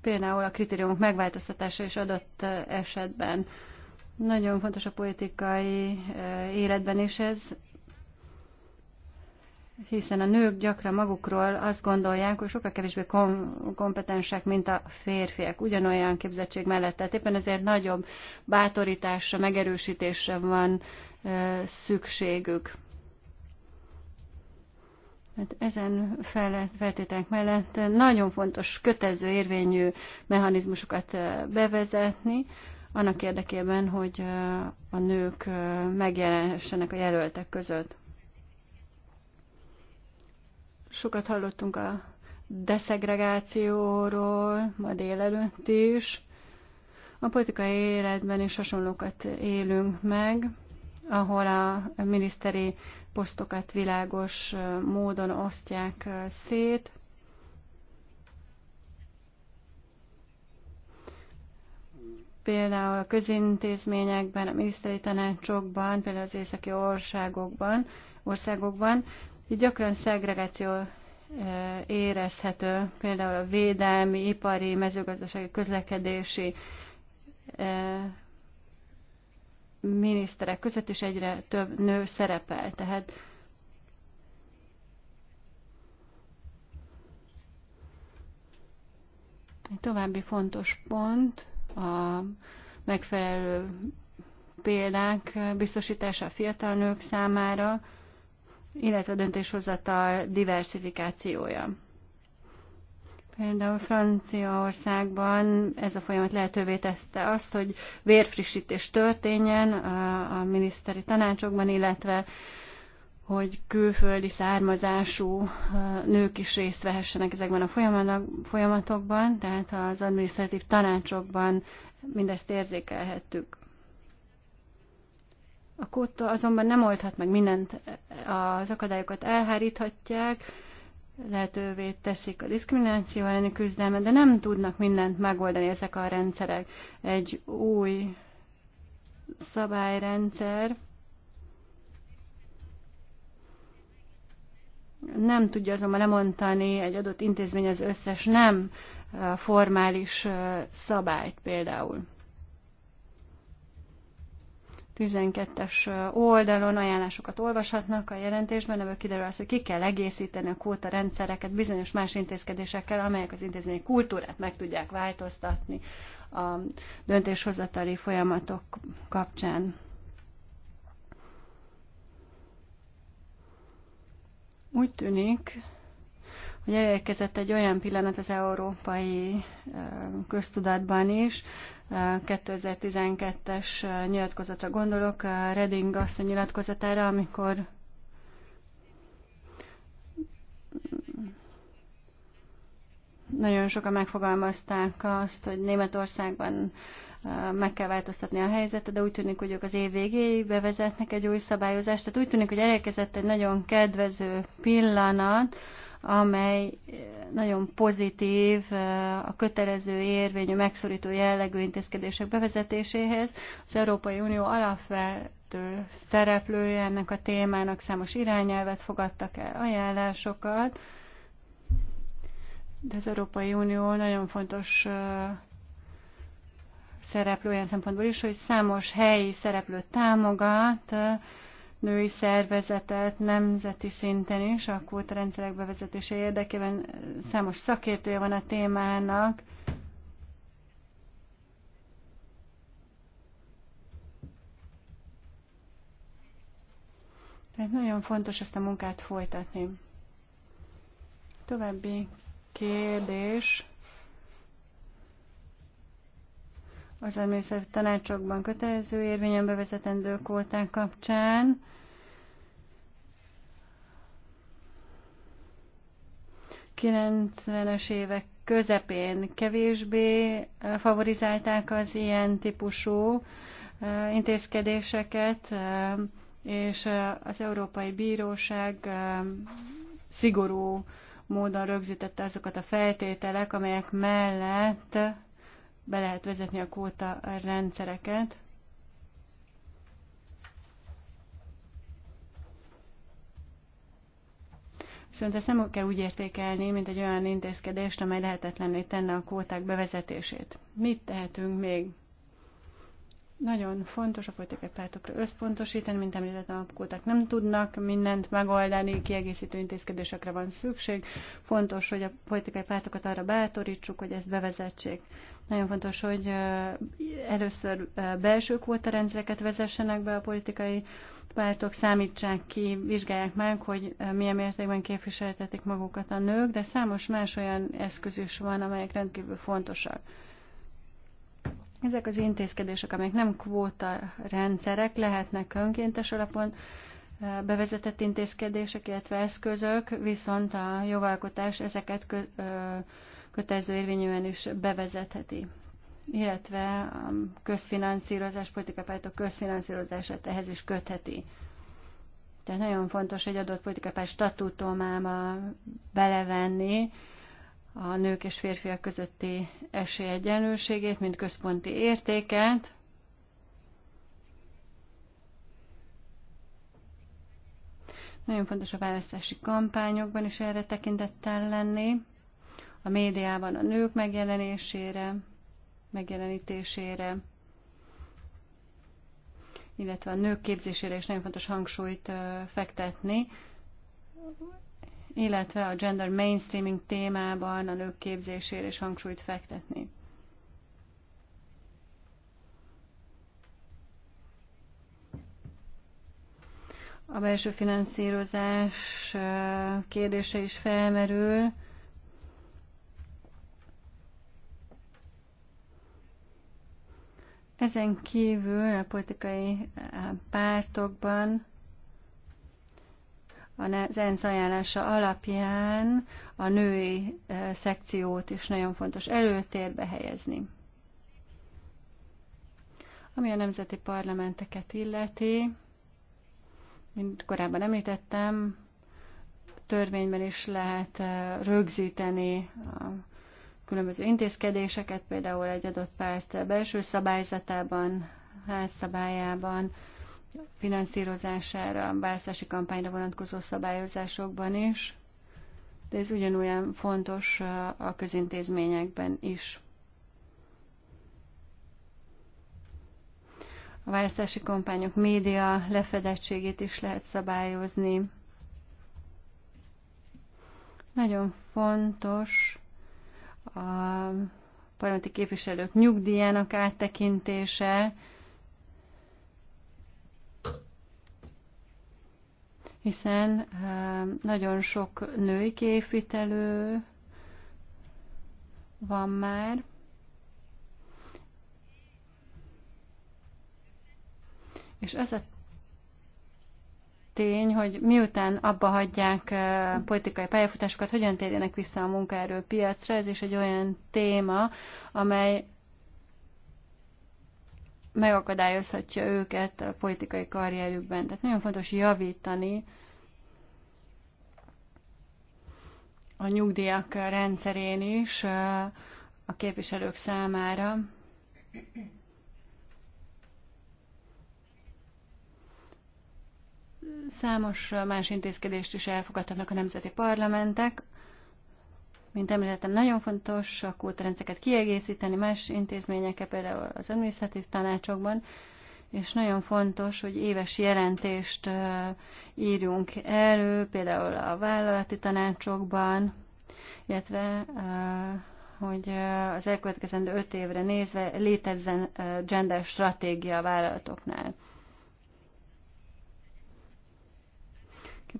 Például a kritériumok megváltoztatása is adott esetben. Nagyon fontos a politikai eh, életben is ez, hiszen a nők gyakran magukról azt gondolják, hogy sokkal kevésbé kom- kompetensek, mint a férfiak ugyanolyan képzettség mellett. Tehát éppen ezért nagyobb bátorításra, megerősítésre van e, szükségük. Hát ezen feltételek mellett nagyon fontos kötelező érvényű mechanizmusokat bevezetni, annak érdekében, hogy a nők megjelenhessenek a jelöltek között. Sokat hallottunk a deszegregációról ma délelőtt is. A politikai életben is hasonlókat élünk meg, ahol a miniszteri posztokat világos módon osztják szét. Például a közintézményekben, a miniszteri tanácsokban, például az északi országokban, országokban így gyakran szegregáció érezhető, például a védelmi, ipari, mezőgazdasági, közlekedési miniszterek között is egyre több nő szerepel. Tehát egy további fontos pont a megfelelő példák biztosítása a fiatal nők számára, illetve a döntéshozatal diversifikációja. Például Franciaországban ez a folyamat lehetővé tette azt, hogy vérfrissítés történjen a, a miniszteri tanácsokban, illetve hogy külföldi származású nők is részt vehessenek ezekben a folyamatokban, tehát az adminisztratív tanácsokban mindezt érzékelhettük. A kóta azonban nem oldhat meg mindent, e, az akadályokat elháríthatják, lehetővé teszik a diszkrimináció elleni küzdelmet, de nem tudnak mindent megoldani ezek a rendszerek. Egy új szabályrendszer nem tudja azonban lemondani egy adott intézmény az összes nem e, formális e, szabályt például. 12-es oldalon ajánlásokat olvashatnak a jelentésben, ebből kiderül az, hogy ki kell egészíteni a kóta rendszereket bizonyos más intézkedésekkel, amelyek az intézmény kultúrát meg tudják változtatni a döntéshozatali folyamatok kapcsán. Úgy tűnik, hogy elérkezett egy olyan pillanat az európai köztudatban is, 2012-es nyilatkozatra gondolok, Reding asszony nyilatkozatára, amikor nagyon sokan megfogalmazták azt, hogy Németországban meg kell változtatni a helyzetet, de úgy tűnik, hogy ők az év végéig bevezetnek egy új szabályozást. Tehát úgy tűnik, hogy elérkezett egy nagyon kedvező pillanat, amely eh, nagyon pozitív eh, a kötelező érvényű megszorító jellegű intézkedések bevezetéséhez. Az Európai Unió alapvető szereplője ennek a témának számos irányelvet fogadtak el, ajánlásokat, de az Európai Unió nagyon fontos eh, szereplő olyan szempontból is, hogy számos helyi szereplő támogat, női szervezetet nemzeti szinten is a kvótarendszerek bevezetése érdekében. Számos szakértője van a témának. Tehát nagyon fontos ezt a munkát folytatni. További kérdés. Az emlészet tanácsokban kötelező érvényen bevezetendő kóták kapcsán. 90-es évek közepén kevésbé favorizálták az ilyen típusú intézkedéseket, és az Európai Bíróság szigorú módon rögzítette azokat a feltételek, amelyek mellett be lehet vezetni a kóta rendszereket. Viszont ezt nem kell úgy értékelni, mint egy olyan intézkedést, amely lehetetlenné tenne a kóták bevezetését. Mit tehetünk még? Nagyon fontos a politikai pártokra összpontosítani, mint említettem, a kóták nem tudnak mindent megoldani, kiegészítő intézkedésekre van szükség. Fontos, hogy a politikai pártokat arra bátorítsuk, hogy ezt bevezetsék. Nagyon fontos, hogy először belső kvótarendszereket vezessenek be a politikai pártok, számítsák ki, vizsgálják meg, hogy milyen mértékben képviseltetik magukat a nők, de számos más olyan eszköz is van, amelyek rendkívül fontosak. Ezek az intézkedések, amelyek nem kvóta rendszerek, lehetnek önkéntes alapon eh, bevezetett intézkedések, illetve eszközök, viszont a jogalkotás ezeket kö, ö, kötelező érvényűen is bevezetheti illetve a közfinanszírozás, politikapártok közfinanszírozását ehhez is kötheti. Tehát nagyon fontos egy adott politikapárt statútumába belevenni a nők és férfiak közötti esélyegyenlőségét, mint központi értéket. Nagyon fontos a választási kampányokban is erre tekintettel lenni, a médiában a nők megjelenésére, megjelenítésére, illetve a nők képzésére is nagyon fontos hangsúlyt fektetni, illetve a gender mainstreaming témában a nők képzésére és hangsúlyt fektetni. A belső finanszírozás kérdése is felmerül. Ezen kívül a politikai pártokban az ENSZ ajánlása alapján a női eh, szekciót is nagyon fontos előtérbe helyezni. Ami a nemzeti parlamenteket illeti, mint korábban említettem, törvényben is lehet eh, rögzíteni a különböző intézkedéseket, például egy adott párt belső szabályzatában, házszabályában, finanszírozására, a választási kampányra vonatkozó szabályozásokban is, de ez ugyanolyan fontos a közintézményekben is. A választási kampányok média lefedettségét is lehet szabályozni. Nagyon fontos a parlamenti képviselők nyugdíjának áttekintése, hiszen nagyon sok női képvitelő van már, és ez a tény, hogy miután abba hagyják politikai pályafutásokat, hogyan térjenek vissza a munkaerőpiacra, ez is egy olyan téma, amely megakadályozhatja őket a politikai karrierükben, Tehát nagyon fontos javítani a nyugdíjak rendszerén is a képviselők számára. Számos más intézkedést is elfogadhatnak a nemzeti parlamentek, mint említettem, nagyon fontos a kultrendszeket kiegészíteni más intézményekkel, például az administratív tanácsokban, és nagyon fontos, hogy éves jelentést írjunk elő, például a vállalati tanácsokban, illetve hogy az elkövetkezendő öt évre nézve létezzen gender stratégia a vállalatoknál.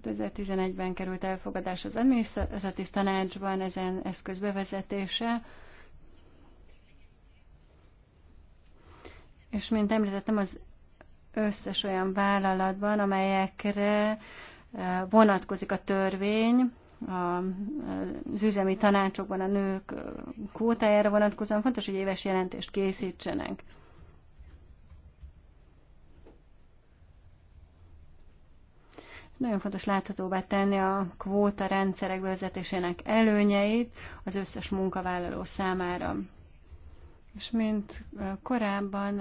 2011-ben került elfogadás az adminisztratív tanácsban ezen eszköz bevezetése, és mint említettem, az összes olyan vállalatban, amelyekre eh, vonatkozik a törvény, az üzemi tanácsokban a nők eh, kvótájára vonatkozóan fontos, hogy éves jelentést készítsenek. Nagyon fontos láthatóvá tenni a kvóta rendszerek vezetésének előnyeit az összes munkavállaló számára. És mint korábban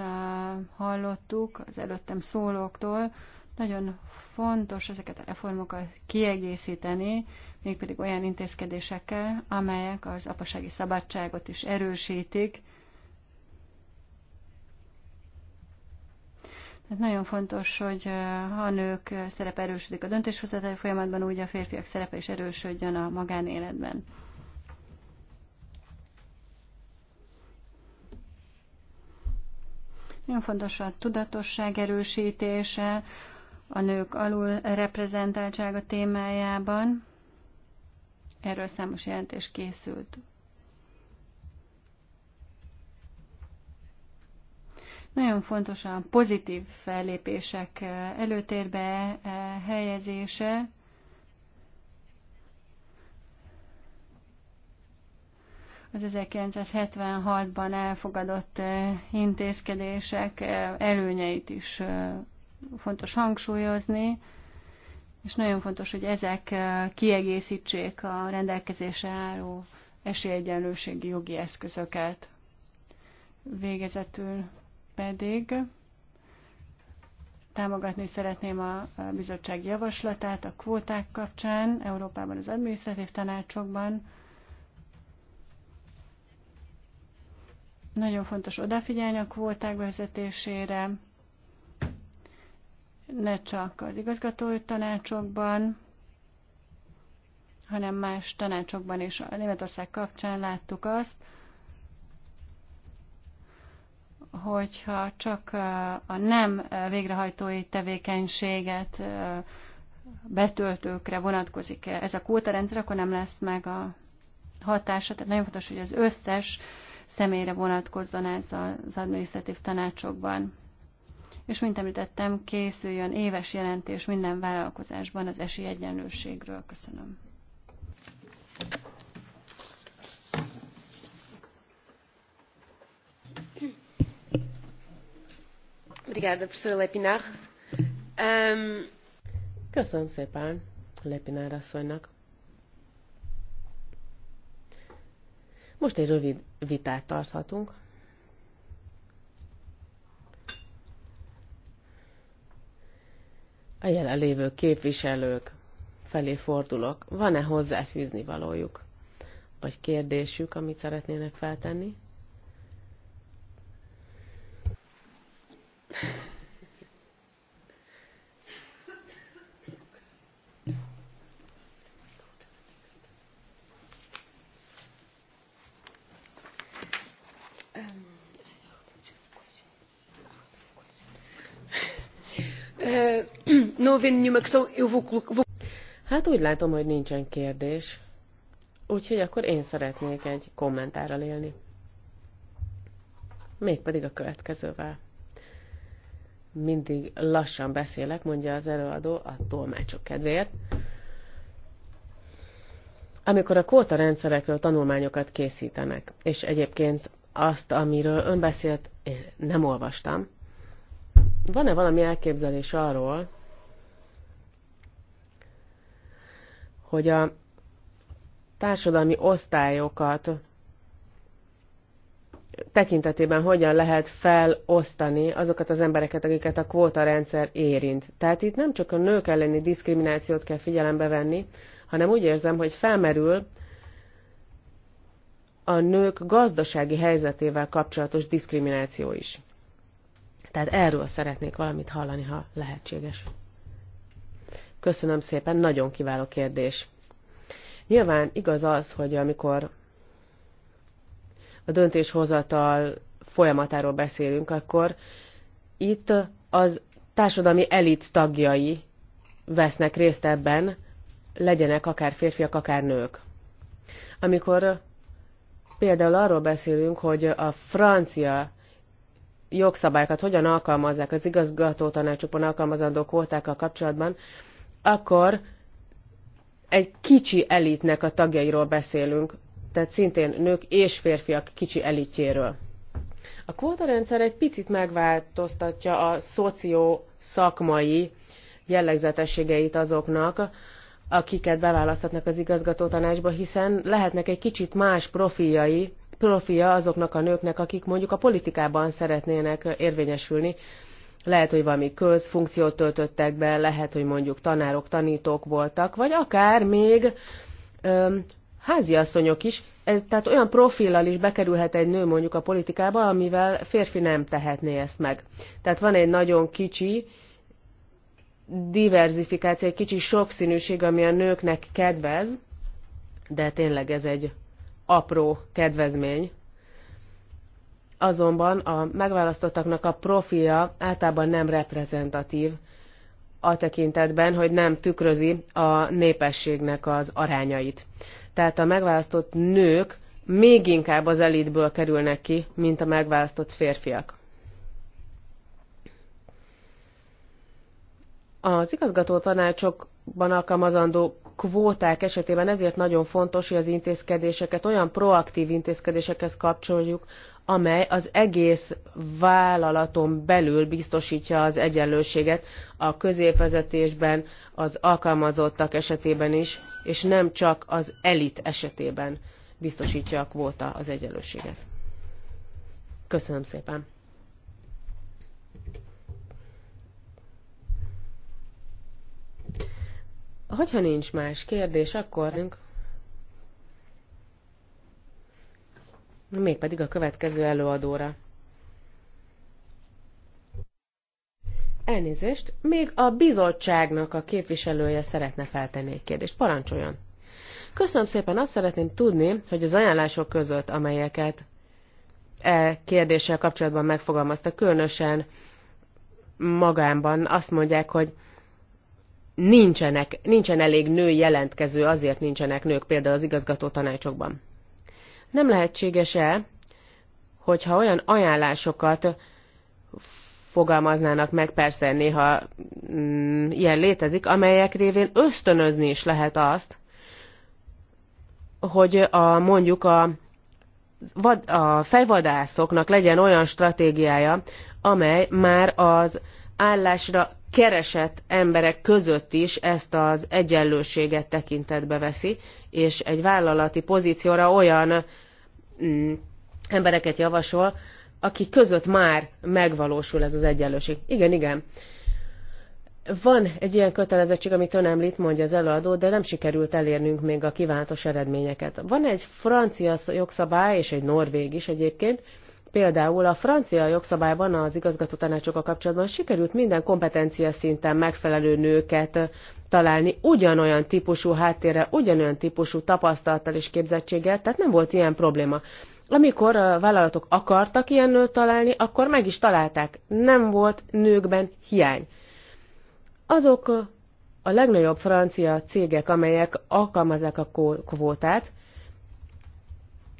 hallottuk az előttem szólóktól, nagyon fontos ezeket a reformokat kiegészíteni, mégpedig olyan intézkedésekkel, amelyek az apasági szabadságot is erősítik, Tehát nagyon fontos, hogy ha a nők szerepe erősödik a döntéshozatai folyamatban, úgy a férfiak szerepe is erősödjön a magánéletben. Nagyon fontos a tudatosság erősítése, a nők alul reprezentáltsága témájában. Erről számos jelentés készült. Nagyon fontos a pozitív fellépések eh, előtérbe eh, helyezése, az 1976-ban elfogadott eh, intézkedések előnyeit is fontos hangsúlyozni, és nagyon fontos, hogy ezek kiegészítsék a rendelkezésre álló esélyegyenlőségi jogi eszközöket. Végezetül pedig támogatni szeretném a bizottság javaslatát a kvóták kapcsán, Európában az adminisztratív tanácsokban. Nagyon fontos odafigyelni a kvóták vezetésére. ne csak az igazgatói tanácsokban, hanem más tanácsokban is. A Németország kapcsán láttuk azt, hogyha csak a nem végrehajtói tevékenységet betöltőkre vonatkozik ez a kótarendszer, akkor nem lesz meg a hatása. Tehát nagyon fontos, hogy az összes személyre vonatkozzon ez az adminisztratív tanácsokban. És mint említettem, készüljön éves jelentés minden vállalkozásban az esélyegyenlőségről. Köszönöm. Köszönöm szépen Lepinár asszonynak. Most egy rövid vitát tarthatunk. A jelenlévő képviselők felé fordulok. Van-e hozzáfűzni valójuk? Vagy kérdésük, amit szeretnének feltenni? Hát úgy látom, hogy nincsen kérdés. Úgyhogy akkor én szeretnék egy kommentárral élni. Mégpedig a következővel. Mindig lassan beszélek, mondja az előadó a tolmácsok kedvéért. Amikor a kóta rendszerekről tanulmányokat készítenek, és egyébként azt, amiről ön beszélt, én nem olvastam, van-e valami elképzelés arról, hogy a társadalmi osztályokat tekintetében hogyan lehet felosztani azokat az embereket, akiket a rendszer érint. Tehát itt nem csak a nők elleni diszkriminációt kell figyelembe venni, hanem úgy érzem, hogy felmerül a nők gazdasági helyzetével kapcsolatos diszkrimináció is. Tehát erről szeretnék valamit hallani, ha lehetséges. Köszönöm szépen, nagyon kiváló kérdés. Nyilván igaz az, hogy amikor a döntéshozatal folyamatáról beszélünk, akkor itt az társadalmi elit tagjai vesznek részt ebben, legyenek akár férfiak, akár nők. Amikor például arról beszélünk, hogy a francia jogszabályokat hogyan alkalmazzák az igazgató tanácsokon alkalmazandó kvótákkal kapcsolatban, akkor egy kicsi elitnek a tagjairól beszélünk, tehát szintén nők és férfiak kicsi elitjéről. A kvótarendszer egy picit megváltoztatja a szoció-szakmai jellegzetességeit azoknak, akiket beválaszthatnak az igazgató tanácsba, hiszen lehetnek egy kicsit más profiljai, profilja azoknak a nőknek, akik mondjuk a politikában szeretnének érvényesülni, lehet, hogy valami közfunkciót töltöttek be, lehet, hogy mondjuk tanárok, tanítók voltak, vagy akár még öm, háziasszonyok is. Ez, tehát olyan profillal is bekerülhet egy nő mondjuk a politikába, amivel férfi nem tehetné ezt meg. Tehát van egy nagyon kicsi, diverzifikáció, egy kicsi sokszínűség, ami a nőknek kedvez, de tényleg ez egy apró kedvezmény azonban a megválasztottaknak a profilja általában nem reprezentatív a tekintetben, hogy nem tükrözi a népességnek az arányait. Tehát a megválasztott nők még inkább az elitből kerülnek ki, mint a megválasztott férfiak. Az igazgató tanácsokban alkalmazandó kvóták esetében ezért nagyon fontos, hogy az intézkedéseket olyan proaktív intézkedésekhez kapcsoljuk, amely az egész vállalaton belül biztosítja az egyenlőséget a középvezetésben, az alkalmazottak esetében is, és nem csak az elit esetében biztosítja a kvóta az egyenlőséget. Köszönöm szépen! Hogyha nincs más kérdés, akkor mégpedig a következő előadóra. Elnézést, még a bizottságnak a képviselője szeretne feltenni egy kérdést. Parancsoljon! Köszönöm szépen, azt szeretném tudni, hogy az ajánlások között, amelyeket e kérdéssel kapcsolatban megfogalmazta különösen magámban azt mondják, hogy nincsenek, nincsen elég nő jelentkező, azért nincsenek nők például az igazgató tanácsokban. Nem lehetséges-e, hogyha olyan ajánlásokat fogalmaznának meg, persze néha mm, ilyen létezik, amelyek révén ösztönözni is lehet azt, hogy a, mondjuk a, vad, a fejvadászoknak legyen olyan stratégiája, amely már az állásra keresett emberek között is ezt az egyenlőséget tekintetbe veszi, és egy vállalati pozícióra olyan Mm, embereket javasol, akik között már megvalósul ez az egyenlőség. Igen, igen. Van egy ilyen kötelezettség, amit ön említ, mondja az előadó, de nem sikerült elérnünk még a kívánatos eredményeket. Van egy francia jogszabály, és egy norvég is egyébként, például a francia jogszabályban az igazgató tanácsokkal kapcsolatban sikerült minden kompetencia szinten megfelelő nőket találni ugyanolyan típusú háttérre, ugyanolyan típusú tapasztalattal és képzettséggel, tehát nem volt ilyen probléma. Amikor a vállalatok akartak ilyen nőt találni, akkor meg is találták. Nem volt nőkben hiány. Azok a legnagyobb francia cégek, amelyek alkalmazzák a kvótát,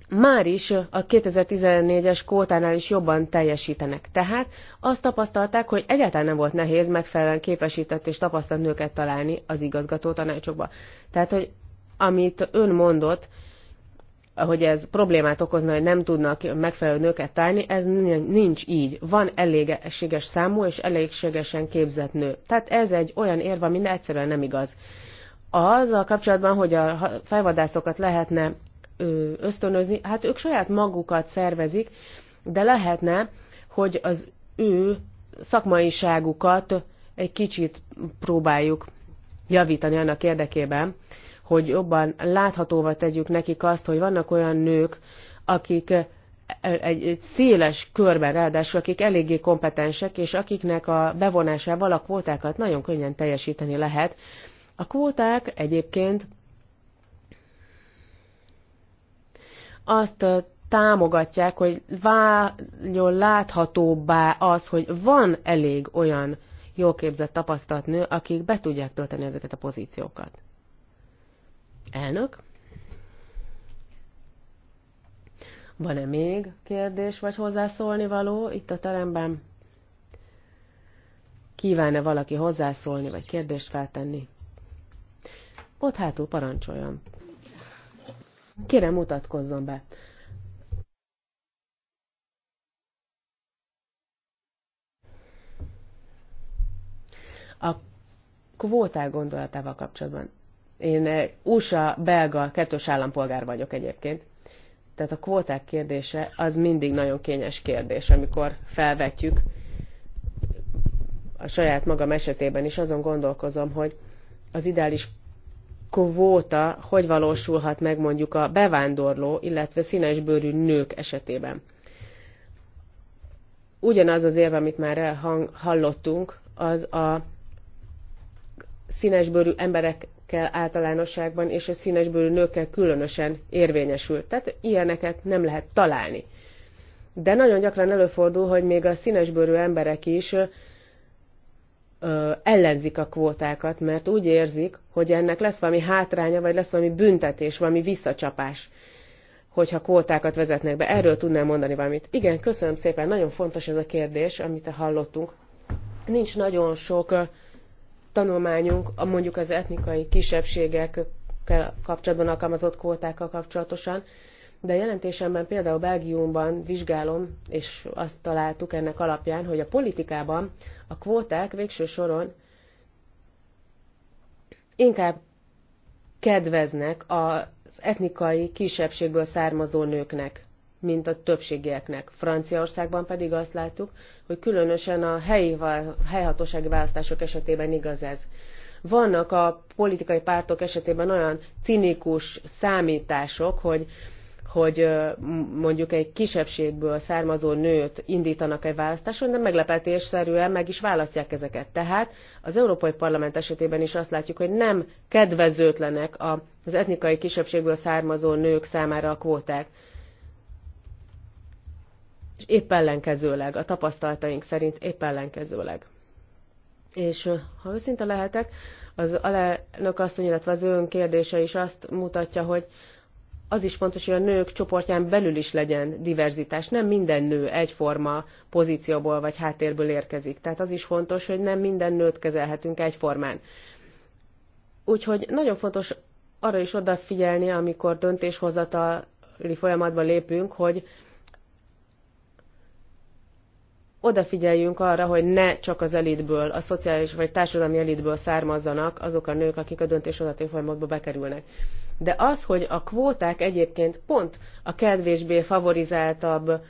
már is a 2014-es kótánál is jobban teljesítenek. Tehát azt tapasztalták, hogy egyáltalán nem volt nehéz megfelelően képesített és tapasztalt nőket találni az igazgató tanácsokba. Tehát, hogy amit ön mondott, hogy ez problémát okozna, hogy nem tudnak megfelelő nőket találni, ez nincs így. Van elégséges számú és elégségesen képzett nő. Tehát ez egy olyan érv, ami egyszerűen nem igaz. Azzal kapcsolatban, hogy a fejvadászokat lehetne ösztönözni, hát ők saját magukat szervezik, de lehetne, hogy az ő szakmaiságukat egy kicsit próbáljuk javítani annak érdekében, hogy jobban láthatóvá tegyük nekik azt, hogy vannak olyan nők, akik egy, egy széles körben ráadásul, akik eléggé kompetensek, és akiknek a bevonásával a kvótákat nagyon könnyen teljesíteni lehet. A kvóták egyébként azt támogatják, hogy váljon láthatóbbá az, hogy van elég olyan jól képzett tapasztalt nő, akik be tudják tölteni ezeket a pozíciókat. Elnök? Van-e még kérdés vagy hozzászólni való itt a teremben? Kíván-e valaki hozzászólni vagy kérdést feltenni? Ott hátul parancsoljon. Kérem, mutatkozzon be. A kvóták gondolatával kapcsolatban. Én eh, USA, belga, kettős állampolgár vagyok egyébként. Tehát a kvóták kérdése az mindig nagyon kényes kérdés, amikor felvetjük. A saját magam esetében is azon gondolkozom, hogy az ideális kvóta hogy valósulhat meg mondjuk a bevándorló, illetve bőrű nők esetében. Ugyanaz az érve, amit már elhang, hallottunk, az a színesbőrű emberekkel általánosságban és a színesbőrű nőkkel különösen érvényesül. Tehát ilyeneket nem lehet találni. De nagyon gyakran előfordul, hogy még a színesbőrű emberek is ö, ellenzik a kvótákat, mert úgy érzik, hogy ennek lesz valami hátránya, vagy lesz valami büntetés, valami visszacsapás, hogyha kvótákat vezetnek be. Erről tudnám mondani valamit. Igen, köszönöm szépen, nagyon fontos ez a kérdés, amit hallottunk. Nincs nagyon sok tanulmányunk, mondjuk az etnikai kisebbségekkel kapcsolatban alkalmazott kvótákkal kapcsolatosan, de a jelentésemben például Belgiumban vizsgálom, és azt találtuk ennek alapján, hogy a politikában a kvóták végső soron inkább kedveznek az etnikai kisebbségből származó nőknek, mint a többségieknek. Franciaországban pedig azt láttuk, hogy különösen a helyi, helyhatósági választások esetében igaz ez. Vannak a politikai pártok esetében olyan cinikus számítások, hogy hogy mondjuk egy kisebbségből származó nőt indítanak egy választáson, de meglepetésszerűen meg is választják ezeket. Tehát az Európai Parlament esetében is azt látjuk, hogy nem kedvezőtlenek az etnikai kisebbségből származó nők számára a kvóták. És épp ellenkezőleg, a tapasztalataink szerint épp ellenkezőleg. És ha őszinte lehetek, az alelnök asszony, illetve az ön kérdése is azt mutatja, hogy az is fontos, hogy a nők csoportján belül is legyen diverzitás. Nem minden nő egyforma pozícióból vagy háttérből érkezik. Tehát az is fontos, hogy nem minden nőt kezelhetünk egyformán. Úgyhogy nagyon fontos arra is odafigyelni, amikor döntéshozatali folyamatban lépünk, hogy odafigyeljünk arra, hogy ne csak az elitből, a szociális vagy társadalmi elitből származzanak azok a nők, akik a döntéshozati folyamatba bekerülnek. De az, hogy a kvóták egyébként pont a kedvésbé favorizáltabb,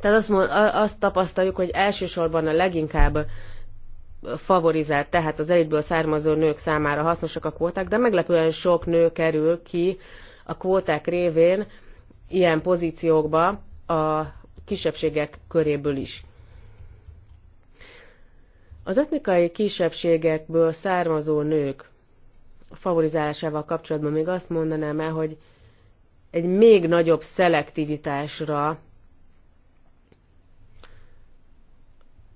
tehát azt, mond, azt tapasztaljuk, hogy elsősorban a leginkább favorizált, tehát az elitből származó nők számára hasznosak a kvóták, de meglepően sok nő kerül ki a kvóták révén ilyen pozíciókba a kisebbségek köréből is. Az etnikai kisebbségekből származó nők favorizálásával kapcsolatban még azt mondanám el, hogy egy még nagyobb szelektivitásra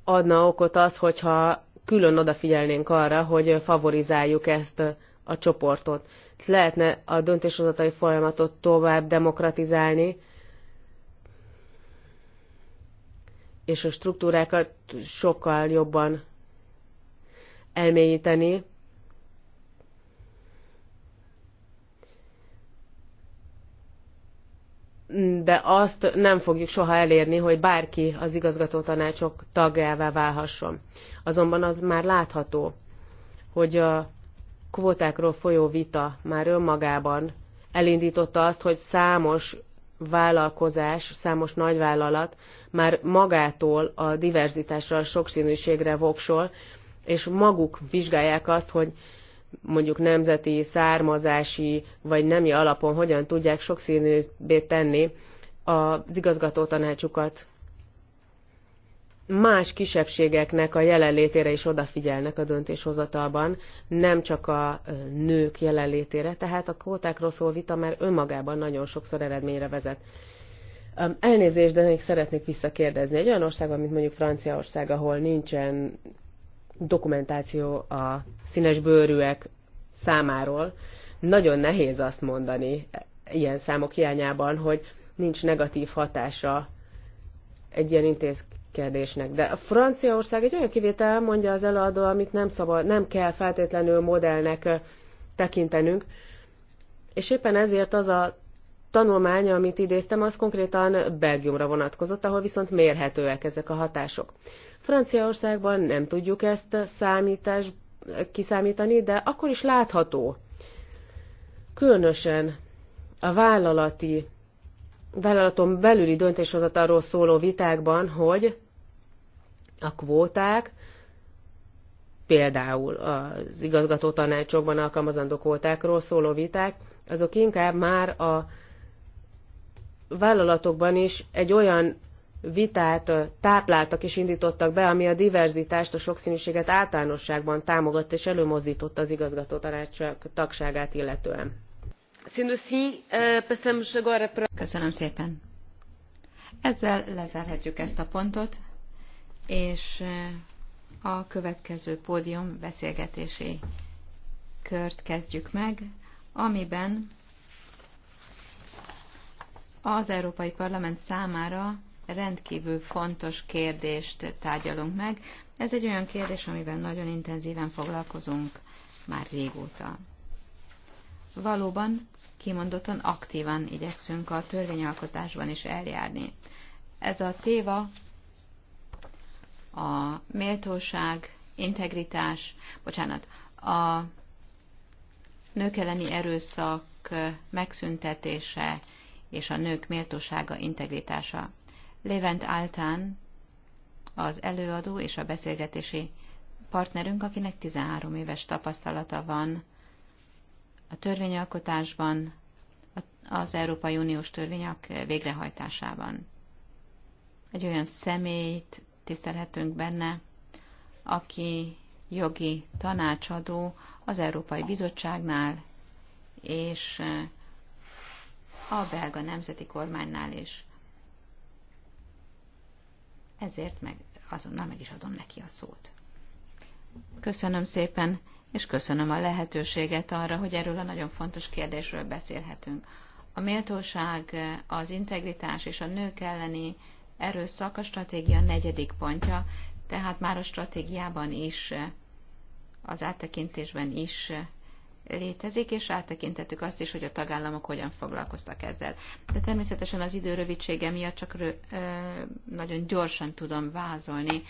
adna okot az, hogyha külön odafigyelnénk arra, hogy favorizáljuk ezt a csoportot. Lehetne a döntéshozatai folyamatot tovább demokratizálni, és a struktúrákat sokkal jobban elmélyíteni. De azt nem fogjuk soha elérni, hogy bárki az igazgató tanácsok tagjává válhasson. Azonban az már látható, hogy a kvótákról folyó vita már önmagában elindította azt, hogy számos vállalkozás, számos nagyvállalat már magától a diverzitásra, a sokszínűségre voksol, és maguk vizsgálják azt, hogy mondjuk nemzeti, származási vagy nemi alapon hogyan tudják sokszínűbbé tenni az igazgató tanácsukat, más kisebbségeknek a jelenlétére is odafigyelnek a döntéshozatalban, nem csak a nők jelenlétére, tehát a kvótákról szól vita már önmagában nagyon sokszor eredményre vezet. Elnézést, de még szeretnék visszakérdezni. Egy olyan országban, mint mondjuk Franciaország, ahol nincsen dokumentáció a színes bőrűek számáról, nagyon nehéz azt mondani ilyen számok hiányában, hogy nincs negatív hatása egy ilyen intézkedés kérdésnek, De a Franciaország egy olyan kivétel, mondja az előadó, amit nem, szabad, nem kell feltétlenül modellnek tekintenünk. És éppen ezért az a tanulmány, amit idéztem, az konkrétan Belgiumra vonatkozott, ahol viszont mérhetőek ezek a hatások. Franciaországban nem tudjuk ezt számítás, kiszámítani, de akkor is látható. Különösen a vállalati vállalaton belüli döntéshozatalról szóló vitákban, hogy a kvóták, például az igazgató tanácsokban alkalmazandó kvótákról szóló viták, azok inkább már a vállalatokban is egy olyan vitát tápláltak és indítottak be, ami a diverzitást, a sokszínűséget általánosságban támogatta és előmozdította az igazgató tanácsok tagságát illetően. Euh, Köszönöm szépen. Ezzel lezárhatjuk ezt a pontot és eh, a következő pódium beszélgetési kört kezdjük meg, amiben az Európai Parlament számára rendkívül fontos kérdést tárgyalunk meg. Ez egy olyan kérdés, amiben nagyon intenzíven foglalkozunk már régóta. Valóban kimondottan aktívan igyekszünk a törvényalkotásban is eljárni. Ez a téva a méltóság, integritás, bocsánat, a nők elleni erőszak megszüntetése és a nők méltósága, integritása. Levent Áltán az előadó és a beszélgetési partnerünk, akinek 13 éves tapasztalata van a törvényalkotásban, az Európai Uniós törvények végrehajtásában. Egy olyan személyt tisztelhetünk benne, aki jogi tanácsadó az Európai Bizottságnál és eh, a belga nemzeti kormánynál is. Ezért meg azonnal meg is adom neki a szót. Köszönöm szépen, és köszönöm a lehetőséget arra, hogy erről a nagyon fontos kérdésről beszélhetünk. A méltóság, eh, az integritás és a nők elleni erőszak a stratégia negyedik pontja, tehát már a stratégiában is, az áttekintésben is létezik, és áttekintettük azt is, hogy a tagállamok hogyan foglalkoztak ezzel. De természetesen az idő rövidsége miatt csak rö, ö, nagyon gyorsan tudom vázolni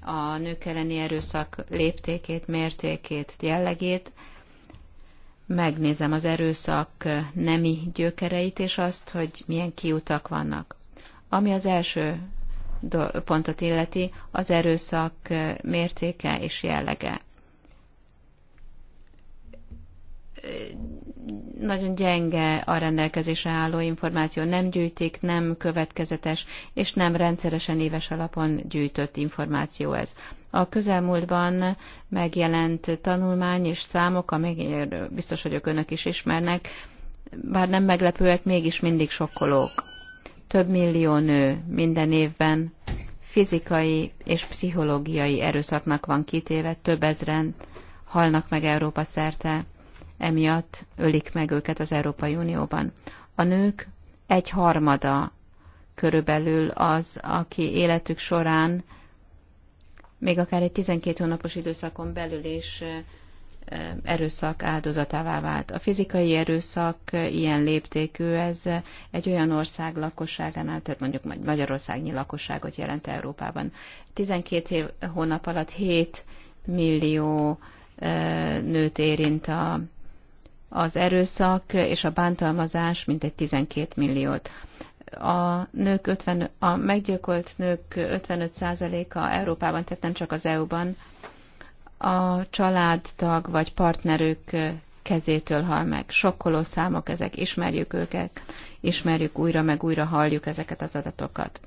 a nők elleni erőszak léptékét, mértékét, jellegét. Megnézem az erőszak nemi gyökereit, és azt, hogy milyen kiutak vannak. Ami az első pontot illeti, az erőszak mértéke és jellege. Nagyon gyenge a rendelkezésre álló információ, nem gyűjtik, nem következetes és nem rendszeresen éves alapon gyűjtött információ ez. A közelmúltban megjelent tanulmány és számok, amelyek biztos vagyok önök is ismernek, bár nem meglepőek, mégis mindig sokkolók több millió nő minden évben fizikai és pszichológiai erőszaknak van kitéve, több ezren halnak meg Európa szerte, emiatt ölik meg őket az Európai Unióban. A nők egy harmada körülbelül az, aki életük során még akár egy 12 hónapos időszakon belül is erőszak áldozatává vált. A fizikai erőszak ilyen léptékű, ez egy olyan ország lakosságánál, tehát mondjuk Magyarországnyi lakosságot jelent Európában. 12 év, hónap alatt 7 millió nőt érint a, az erőszak és a bántalmazás mintegy 12 milliót. A, nők 50, a meggyilkolt nők 55%-a Európában, tehát nem csak az EU-ban, a családtag vagy partnerük kezétől hal meg. Sokkoló számok ezek, ismerjük őket, ismerjük újra meg újra halljuk ezeket az adatokat.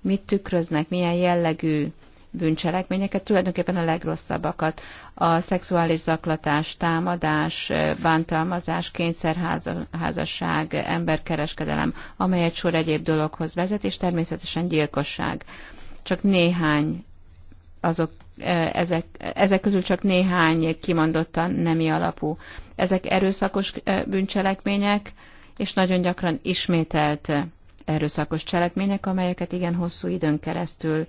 Mit tükröznek, milyen jellegű bűncselekményeket, tulajdonképpen a legrosszabbakat. A szexuális zaklatás, támadás, bántalmazás, kényszerházasság, emberkereskedelem, amely egy sor egyéb dologhoz vezet, és természetesen gyilkosság. Csak néhány azok E, ezek, ezek közül csak néhány kimondottan nemi alapú. Ezek erőszakos e, bűncselekmények, és nagyon gyakran ismételt e, erőszakos cselekmények, amelyeket igen hosszú időn keresztül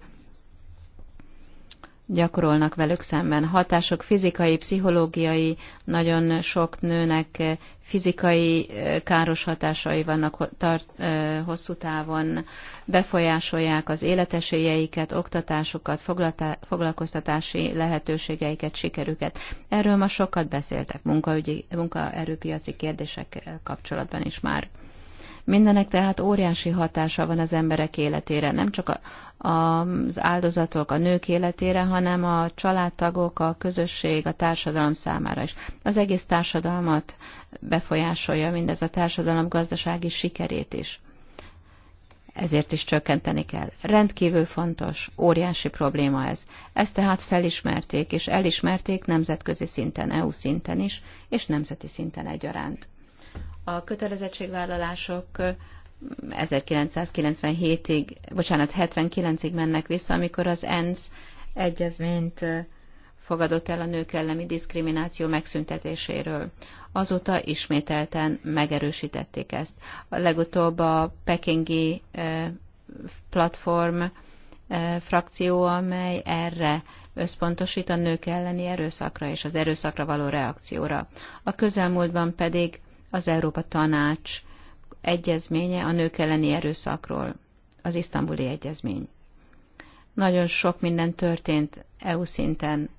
gyakorolnak velük szemben. Hatások fizikai, pszichológiai, nagyon sok nőnek fizikai káros hatásai vannak tart, hosszú távon, befolyásolják az életesélyeiket, oktatásukat, foglalkoztatási lehetőségeiket, sikerüket. Erről ma sokat beszéltek munkaügyi, munkaerőpiaci kérdések kapcsolatban is már. Mindenek tehát óriási hatása van az emberek életére, nem csak a, az áldozatok, a nők életére, hanem a családtagok, a közösség, a társadalom számára is. Az egész társadalmat befolyásolja mindez a társadalom gazdasági sikerét is. Ezért is csökkenteni kell. Rendkívül fontos, óriási probléma ez. Ezt tehát felismerték, és elismerték nemzetközi szinten, EU szinten is, és nemzeti szinten egyaránt a kötelezettségvállalások 1997-ig, bocsánat, 79-ig mennek vissza, amikor az ENSZ egyezményt fogadott el a nők elleni diszkrimináció megszüntetéséről. Azóta ismételten megerősítették ezt. A legutóbb a pekingi platform frakció, amely erre összpontosít a nők elleni erőszakra és az erőszakra való reakcióra. A közelmúltban pedig az Európa Tanács egyezménye a nők elleni erőszakról, az isztambuli egyezmény. Nagyon sok minden történt EU szinten,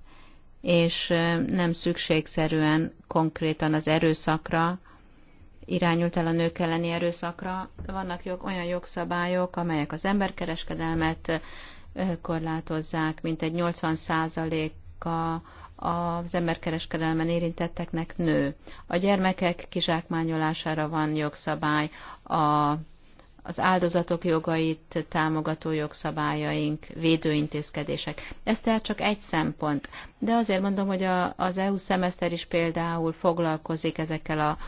és nem szükségszerűen konkrétan az erőszakra, irányult el a nők elleni erőszakra. Vannak jog, olyan jogszabályok, amelyek az emberkereskedelmet korlátozzák, mint egy 80 a az emberkereskedelmen érintetteknek nő. A gyermekek kizsákmányolására van jogszabály, a, az áldozatok jogait támogató jogszabályaink, védőintézkedések. Ez tehát csak egy szempont. De azért mondom, hogy a, az EU szemeszter is például foglalkozik ezekkel a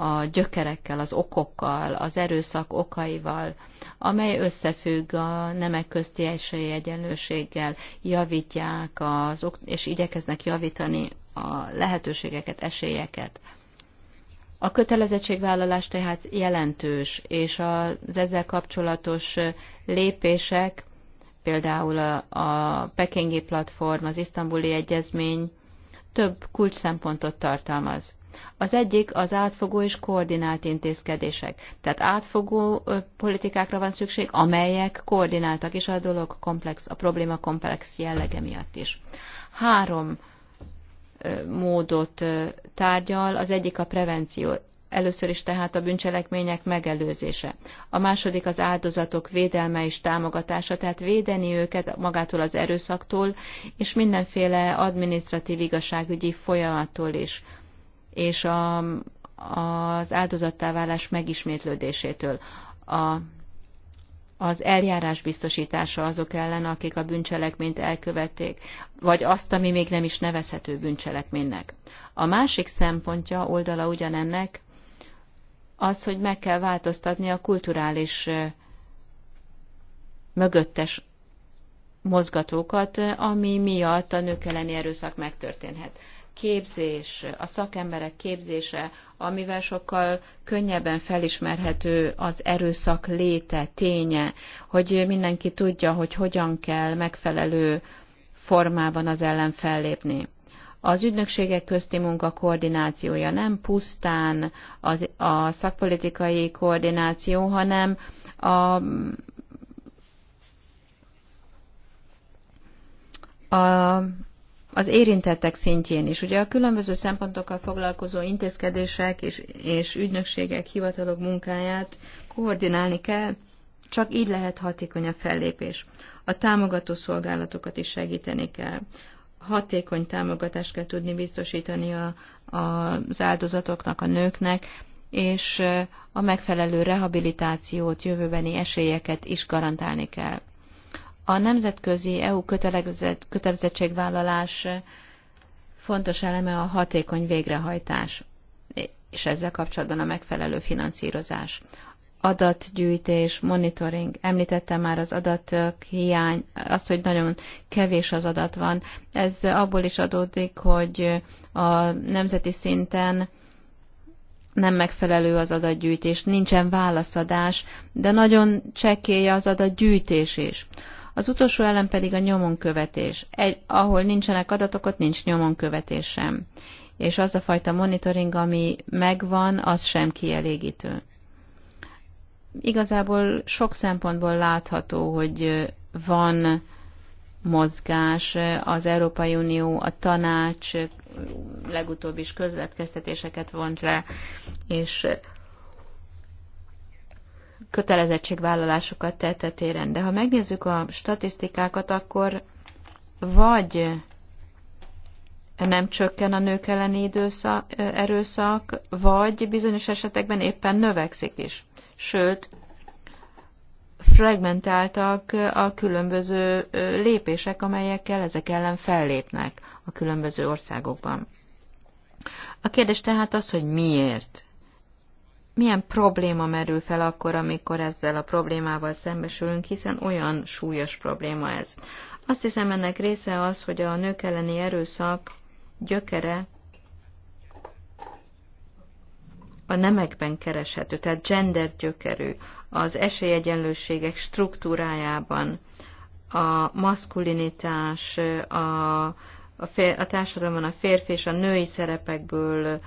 a gyökerekkel, az okokkal, az erőszak okaival, amely összefügg a nemek közti egyenlőséggel, javítják az, és igyekeznek javítani a lehetőségeket, esélyeket. A kötelezettségvállalás tehát jelentős, és az ezzel kapcsolatos lépések, például a, a pekingi platform, az isztambuli egyezmény több kulcs szempontot tartalmaz. Az egyik az átfogó és koordinált intézkedések. Tehát átfogó politikákra van szükség, amelyek koordináltak, és a dolog komplex, a probléma komplex jellege miatt is. Három módot tárgyal, az egyik a prevenció, először is tehát a bűncselekmények megelőzése. A második az áldozatok védelme és támogatása, tehát védeni őket magától az erőszaktól, és mindenféle adminisztratív igazságügyi folyamattól is és a, az áldozattáválás megismétlődésétől. A, az eljárás biztosítása azok ellen, akik a bűncselekményt elkövették, vagy azt, ami még nem is nevezhető bűncselekménynek. A másik szempontja, oldala ugyanennek, az, hogy meg kell változtatni a kulturális mögöttes mozgatókat, ami miatt a nők elleni erőszak megtörténhet képzés, a szakemberek képzése, amivel sokkal könnyebben felismerhető az erőszak léte, ténye, hogy mindenki tudja, hogy hogyan kell megfelelő formában az ellen fellépni. Az ügynökségek közti munka koordinációja nem pusztán az, a szakpolitikai koordináció, hanem a a az érintettek szintjén is. Ugye a különböző szempontokkal foglalkozó intézkedések és, és ügynökségek, hivatalok munkáját koordinálni kell, csak így lehet hatékony a fellépés. A támogató szolgálatokat is segíteni kell. Hatékony támogatást kell tudni biztosítani a, a, az áldozatoknak, a nőknek, és a megfelelő rehabilitációt, jövőbeni esélyeket is garantálni kell. A nemzetközi EU kötelezett, kötelezettségvállalás fontos eleme a hatékony végrehajtás, és ezzel kapcsolatban a megfelelő finanszírozás. Adatgyűjtés, monitoring, említettem már az adatok hiány, az, hogy nagyon kevés az adat van. Ez abból is adódik, hogy a nemzeti szinten nem megfelelő az adatgyűjtés, nincsen válaszadás, de nagyon csekély az adatgyűjtés is. Az utolsó elem pedig a nyomonkövetés. Egy, ahol nincsenek adatok, ott nincs nyomonkövetés sem. És az a fajta monitoring, ami megvan, az sem kielégítő. Igazából sok szempontból látható, hogy van mozgás, az Európai Unió, a tanács legutóbb is közvetkeztetéseket vont le, és kötelezettségvállalásokat tettetéren. De ha megnézzük a statisztikákat, akkor vagy nem csökken a nők elleni időszak, erőszak, vagy bizonyos esetekben éppen növekszik is. Sőt, fragmentáltak a különböző lépések, amelyekkel ezek ellen fellépnek a különböző országokban. A kérdés tehát az, hogy miért milyen probléma merül fel akkor, amikor ezzel a problémával szembesülünk, hiszen olyan súlyos probléma ez. Azt hiszem ennek része az, hogy a nők elleni erőszak gyökere a nemekben kereshető, tehát gender gyökerű, az esélyegyenlőségek struktúrájában, a maszkulinitás, a, a, fér, a társadalomban a férfi és a női szerepekből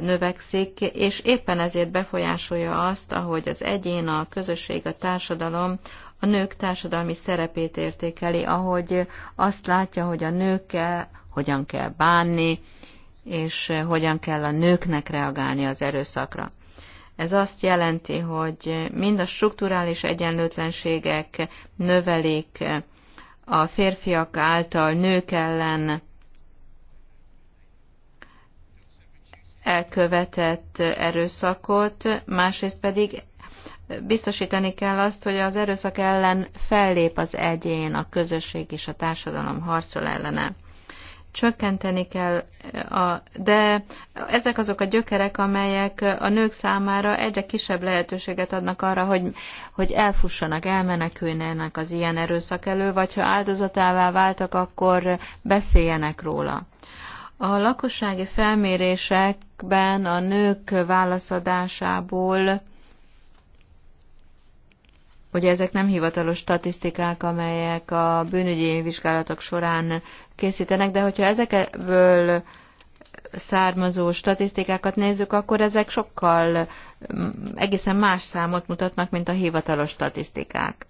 növekszik, és éppen ezért befolyásolja azt, ahogy az egyén, a közösség, a társadalom a nők társadalmi szerepét értékeli, ahogy azt látja, hogy a nőkkel hogyan kell bánni, és hogyan kell a nőknek reagálni az erőszakra. Ez azt jelenti, hogy mind a strukturális egyenlőtlenségek növelik a férfiak által nők ellen elkövetett erőszakot, másrészt pedig biztosítani kell azt, hogy az erőszak ellen fellép az egyén, a közösség és a társadalom harcol ellene. Csökkenteni kell, a, de ezek azok a gyökerek, amelyek a nők számára egyre kisebb lehetőséget adnak arra, hogy, hogy elfussanak, elmeneküljenek az ilyen erőszak elő, vagy ha áldozatává váltak, akkor beszéljenek róla. A lakossági felmérésekben a nők válaszadásából, ugye ezek nem hivatalos statisztikák, amelyek a bűnügyi vizsgálatok során készítenek, de hogyha ezekből származó statisztikákat nézzük, akkor ezek sokkal mm, egészen más számot mutatnak, mint a hivatalos statisztikák.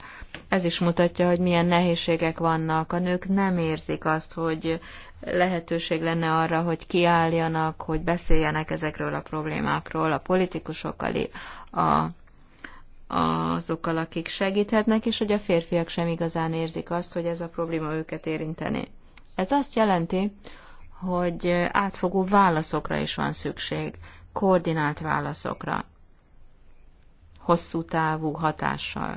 Ez is mutatja, hogy milyen nehézségek vannak. A nők nem érzik azt, hogy lehetőség lenne arra, hogy kiálljanak, hogy beszéljenek ezekről a problémákról a politikusokkal, a, azokkal, akik segíthetnek, és hogy a férfiak sem igazán érzik azt, hogy ez a probléma őket érinteni. Ez azt jelenti, hogy átfogó válaszokra is van szükség, koordinált válaszokra, hosszú távú hatással.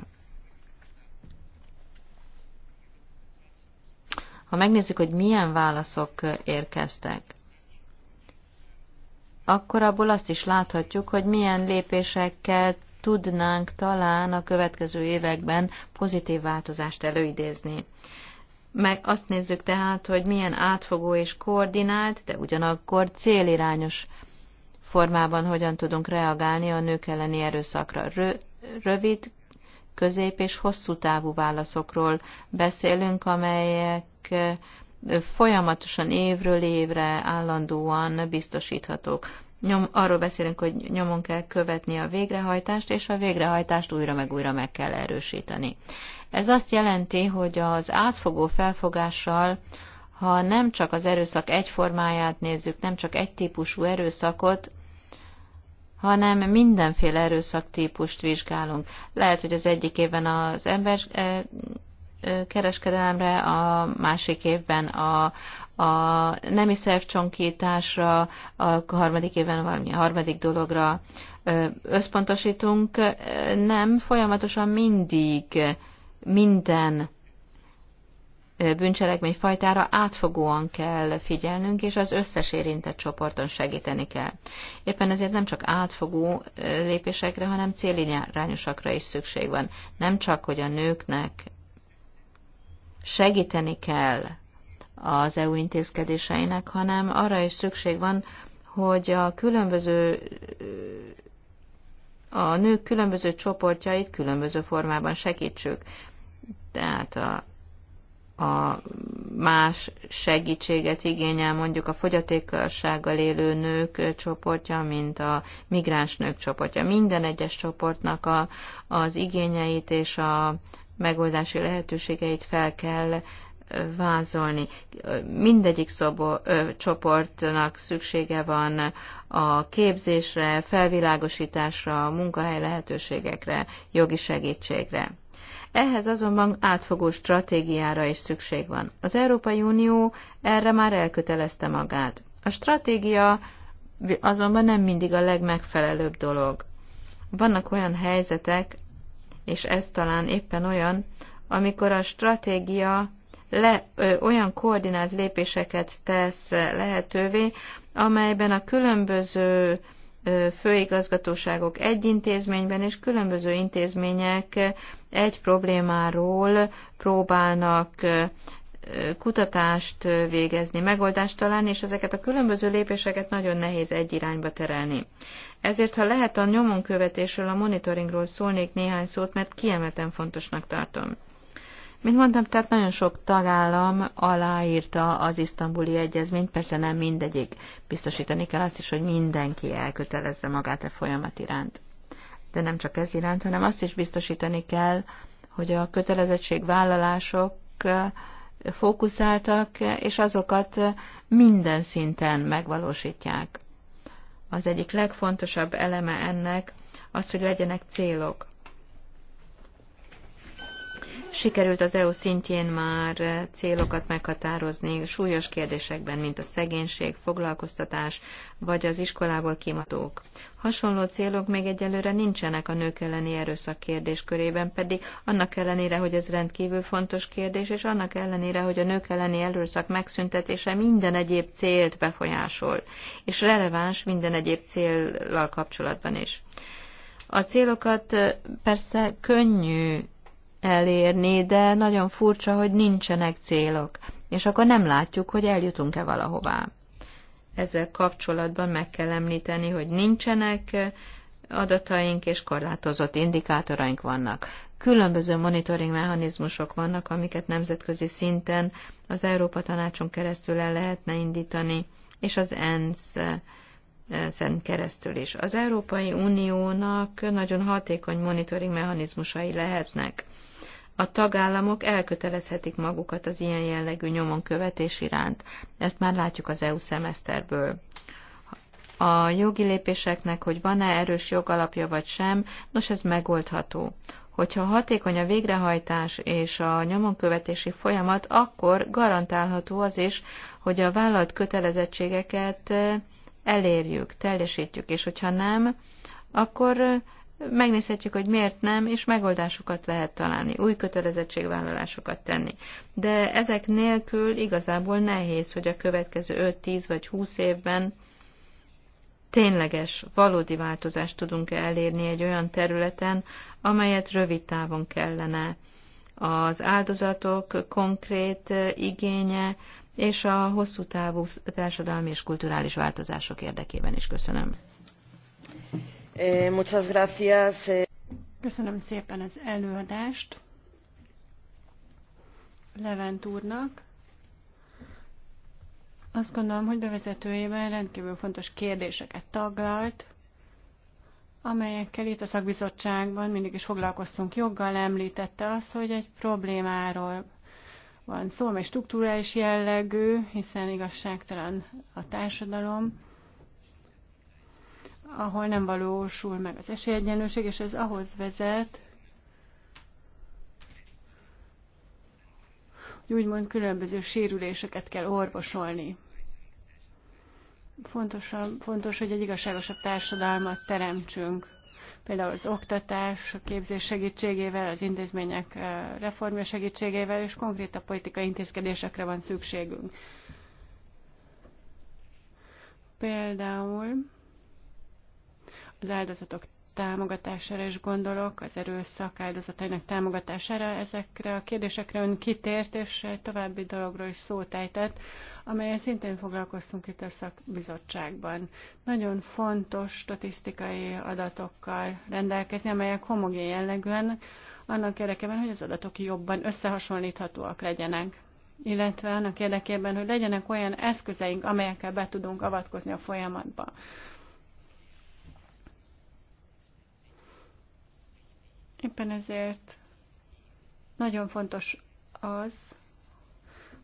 Ha megnézzük, hogy milyen válaszok érkeztek, akkor abból azt is láthatjuk, hogy milyen lépésekkel tudnánk talán a következő években pozitív változást előidézni. Meg azt nézzük tehát, hogy milyen átfogó és koordinált, de ugyanakkor célirányos formában hogyan tudunk reagálni a nők elleni erőszakra. rövid, közép és hosszú távú válaszokról beszélünk, amelyek folyamatosan évről évre állandóan biztosíthatók. Nyom, arról beszélünk, hogy nyomon kell követni a végrehajtást, és a végrehajtást újra meg újra meg kell erősíteni. Ez azt jelenti, hogy az átfogó felfogással, ha nem csak az erőszak egy formáját nézzük, nem csak egy típusú erőszakot, hanem mindenféle erőszaktípust vizsgálunk. Lehet, hogy az egyik évben az ember eh, kereskedelemre, a másik évben a, a nemi szervcsonkításra, a harmadik évben valami harmadik dologra összpontosítunk. Nem, folyamatosan mindig minden bűncselekmény fajtára átfogóan kell figyelnünk, és az összes érintett csoporton segíteni kell. Éppen ezért nem csak átfogó lépésekre, hanem célirányosakra is szükség van. Nem csak, hogy a nőknek segíteni kell az EU intézkedéseinek, hanem arra is szükség van, hogy a különböző a nők különböző csoportjait különböző formában segítsük. Tehát a, a más segítséget igényel mondjuk a fogyatékossággal élő nők csoportja, mint a migráns nők csoportja. Minden egyes csoportnak a, az igényeit és a, megoldási lehetőségeit fel kell vázolni. Mindegyik szobo, ö, csoportnak szüksége van a képzésre, felvilágosításra, munkahely lehetőségekre, jogi segítségre. Ehhez azonban átfogó stratégiára is szükség van. Az Európai Unió erre már elkötelezte magát. A stratégia azonban nem mindig a legmegfelelőbb dolog. Vannak olyan helyzetek, és ez talán éppen olyan, amikor a stratégia le, ö, olyan koordinált lépéseket tesz lehetővé, amelyben a különböző ö, főigazgatóságok egy intézményben és különböző intézmények egy problémáról próbálnak kutatást végezni, megoldást találni, és ezeket a különböző lépéseket nagyon nehéz egy irányba terelni. Ezért, ha lehet a nyomonkövetésről, a monitoringról szólnék néhány szót, mert kiemelten fontosnak tartom. Mint mondtam, tehát nagyon sok tagállam aláírta az isztambuli egyezményt, persze nem mindegyik. Biztosítani kell azt is, hogy mindenki elkötelezze magát a e folyamat iránt. De nem csak ez iránt, hanem azt is biztosítani kell, hogy a kötelezettségvállalások vállalások fókuszáltak, és azokat minden szinten megvalósítják. Az egyik legfontosabb eleme ennek az, hogy legyenek célok. Sikerült az EU szintjén már célokat meghatározni súlyos kérdésekben, mint a szegénység, foglalkoztatás vagy az iskolából kimatók. Hasonló célok még egyelőre nincsenek a nők elleni erőszak kérdéskörében, pedig annak ellenére, hogy ez rendkívül fontos kérdés, és annak ellenére, hogy a nők elleni erőszak megszüntetése minden egyéb célt befolyásol, és releváns minden egyéb céllal kapcsolatban is. A célokat persze könnyű elérni, de nagyon furcsa, hogy nincsenek célok, és akkor nem látjuk, hogy eljutunk-e valahová. Ezzel kapcsolatban meg kell említeni, hogy nincsenek adataink és korlátozott indikátoraink vannak. Különböző monitoring mechanizmusok vannak, amiket nemzetközi szinten az Európa Tanácson keresztül el lehetne indítani, és az ENSZ szent keresztül is. Az Európai Uniónak nagyon hatékony monitoring mechanizmusai lehetnek a tagállamok elkötelezhetik magukat az ilyen jellegű nyomon követés iránt. Ezt már látjuk az EU szemeszterből. A jogi lépéseknek, hogy van-e erős jogalapja vagy sem, nos ez megoldható. Hogyha hatékony a végrehajtás és a nyomonkövetési folyamat, akkor garantálható az is, hogy a vállalt kötelezettségeket eh, elérjük, teljesítjük, és hogyha nem, akkor eh, megnézhetjük, hogy miért nem, és megoldásokat lehet találni, új kötelezettségvállalásokat tenni. De ezek nélkül igazából nehéz, hogy a következő 5-10 vagy 20 évben tényleges, valódi változást tudunk elérni egy olyan területen, amelyet rövid távon kellene. Az áldozatok konkrét igénye és a hosszú távú társadalmi és kulturális változások érdekében is köszönöm. Eh, muchas gracias. Eh. Köszönöm szépen az előadást Levent úrnak. Azt gondolom, hogy bevezetőjében rendkívül fontos kérdéseket taglalt, amelyekkel itt a szakbizottságban mindig is foglalkoztunk joggal, említette azt, hogy egy problémáról van szó, mely struktúrális jellegű, hiszen igazságtalan a társadalom, ahol nem valósul meg az esélyegyenlőség, és ez ahhoz vezet, hogy úgymond különböző sérüléseket kell orvosolni. Fontos, fontos, hogy egy igazságosabb társadalmat teremtsünk. Például az oktatás, a képzés segítségével, az intézmények eh, reformja segítségével, és konkrét a politikai intézkedésekre van szükségünk. Például az áldozatok támogatására is gondolok, az erőszak áldozatainak támogatására. Ezekre a kérdésekre ön kitért, és egy további dologról is szót ejtett, amelyen szintén foglalkoztunk itt a szakbizottságban. Nagyon fontos statisztikai adatokkal rendelkezni, amelyek homogén jellegűen annak érdekében, hogy az adatok jobban összehasonlíthatóak legyenek illetve annak érdekében, hogy legyenek olyan eszközeink, amelyekkel be tudunk avatkozni a folyamatba. Éppen ezért nagyon fontos az,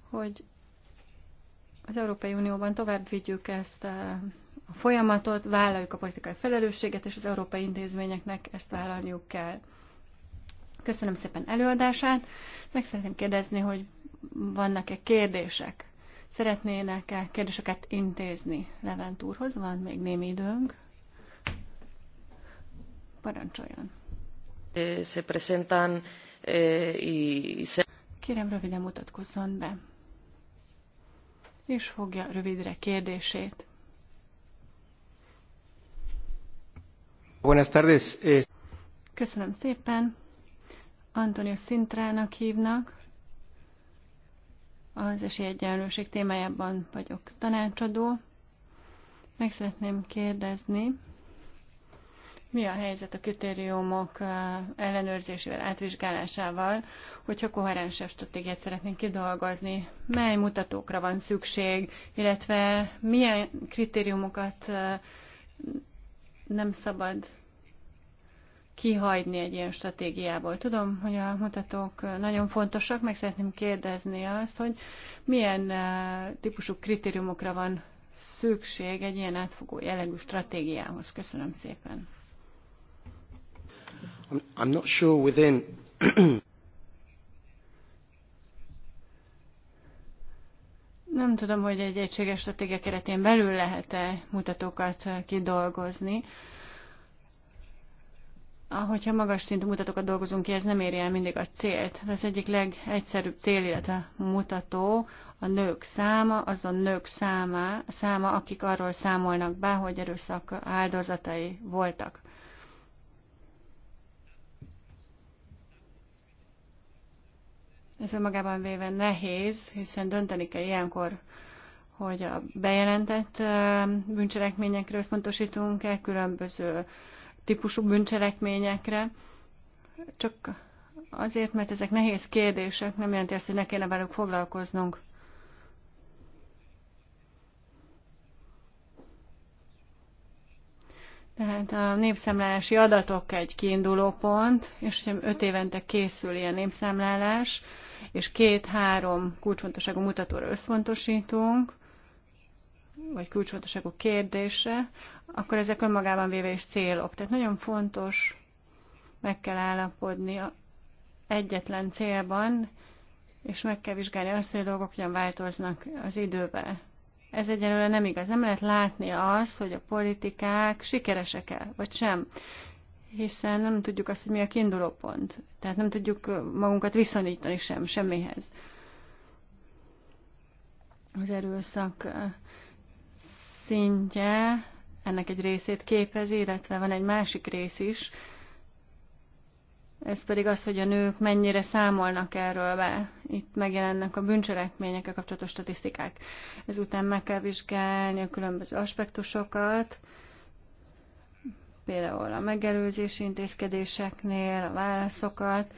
hogy az Európai Unióban tovább vigyük ezt a folyamatot, vállaljuk a politikai felelősséget, és az európai intézményeknek ezt vállalniuk kell. Köszönöm szépen előadását. Meg szeretném kérdezni, hogy vannak-e kérdések? Szeretnének-e kérdéseket intézni Levent úrhoz? Van még némi időnk. Parancsoljon! se presentan y se... Kérem, röviden mutatkozzon be. És fogja rövidre kérdését. Buenas tardes. Eh. Köszönöm szépen. Antonio Szintrának hívnak. Az esélyegyenlőség témájában vagyok tanácsadó. Meg szeretném kérdezni, mi a helyzet a kritériumok ellenőrzésével, átvizsgálásával, hogyha koherensebb stratégiát szeretnénk kidolgozni, mely mutatókra van szükség, illetve milyen kritériumokat nem szabad kihagyni egy ilyen stratégiából. Tudom, hogy a mutatók nagyon fontosak, meg szeretném kérdezni azt, hogy milyen típusú kritériumokra van szükség egy ilyen átfogó jellegű stratégiához. Köszönöm szépen. I'm, I'm not sure within Nem tudom, hogy egy egységes stratégia keretén belül lehet-e mutatókat kidolgozni. Ahogyha magas szintű mutatókat dolgozunk ki, ez nem éri el mindig a célt. Ez az egyik legegyszerűbb cél, illetve mutató a nők száma, azon nők száma, száma akik arról számolnak be, hogy erőszak áldozatai voltak. Ez önmagában véve nehéz, hiszen dönteni kell ilyenkor, hogy a bejelentett bűncselekményekre összpontosítunk-e, különböző típusú bűncselekményekre. Csak azért, mert ezek nehéz kérdések, nem jelenti azt, hogy ne kéne velük foglalkoznunk. Tehát a népszámlálási adatok egy kiinduló pont, és hogyha öt évente készül ilyen népszámlálás, és két-három kulcsfontosságú mutatóra összpontosítunk, vagy kulcsfontosságú kérdése, akkor ezek önmagában véve is célok. Tehát nagyon fontos meg kell állapodni egyetlen célban, és meg kell vizsgálni azt, hogy a dolgok hogyan változnak az idővel. Ez egyelőre nem igaz. Nem lehet látni azt, hogy a politikák sikeresek-e, vagy sem hiszen nem tudjuk azt, hogy mi a kiinduló pont. Tehát nem tudjuk magunkat viszonyítani sem, semmihez. Az erőszak szintje ennek egy részét képezi, illetve van egy másik rész is, ez pedig az, hogy a nők mennyire számolnak erről be. Itt megjelennek a bűncselekményekkel kapcsolatos statisztikák. Ezután meg kell vizsgálni a különböző aspektusokat, például a megelőzési intézkedéseknél, a válaszokat,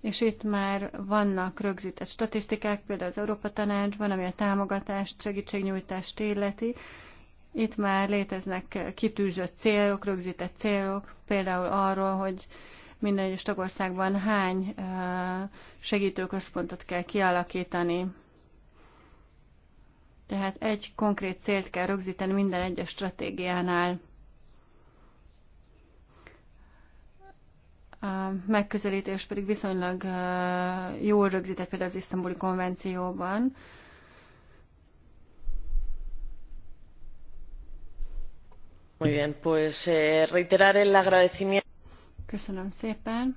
és itt már vannak rögzített statisztikák, például az Európa Tanácsban, ami a támogatást, segítségnyújtást illeti. Itt már léteznek kitűzött célok, rögzített célok, például arról, hogy minden egyes tagországban hány segítőközpontot kell kialakítani. Tehát egy konkrét célt kell rögzíteni minden egyes stratégiánál. A megközelítés pedig viszonylag jól rögzített például az isztambuli konvencióban. Muy bien, pues eh, reiterar el agradecimiento. Köszönöm szépen.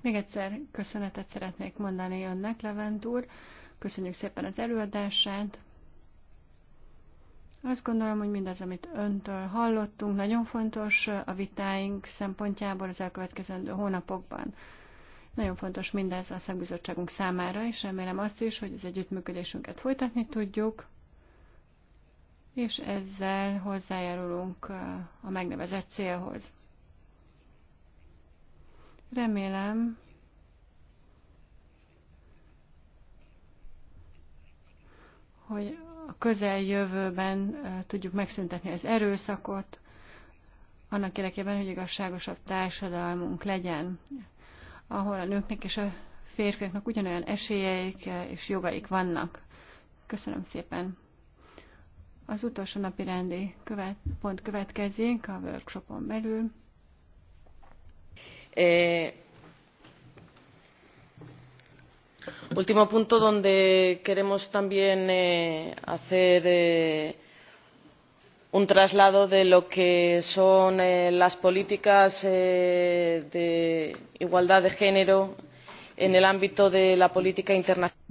Még egyszer köszönetet szeretnék mondani önnek, Levent úr. Köszönjük szépen az előadását. Azt gondolom, hogy mindaz, amit öntől hallottunk, nagyon fontos a vitáink szempontjából az elkövetkezendő hónapokban. Nagyon fontos mindez a szakbizottságunk számára, és remélem azt is, hogy az együttműködésünket folytatni tudjuk, és ezzel hozzájárulunk a megnevezett célhoz. Remélem, hogy a közeljövőben tudjuk megszüntetni az erőszakot, annak érdekében, hogy igazságosabb társadalmunk legyen, ahol a nőknek és a férfiaknak ugyanolyan esélyeik és jogaik vannak. Köszönöm szépen! Az utolsó napi rendi követ, pont következik a workshopon belül. Eh, último punto donde queremos también eh, hacer eh, un traslado de lo que son eh, las políticas de igualdad de género en el ámbito de la política internacional.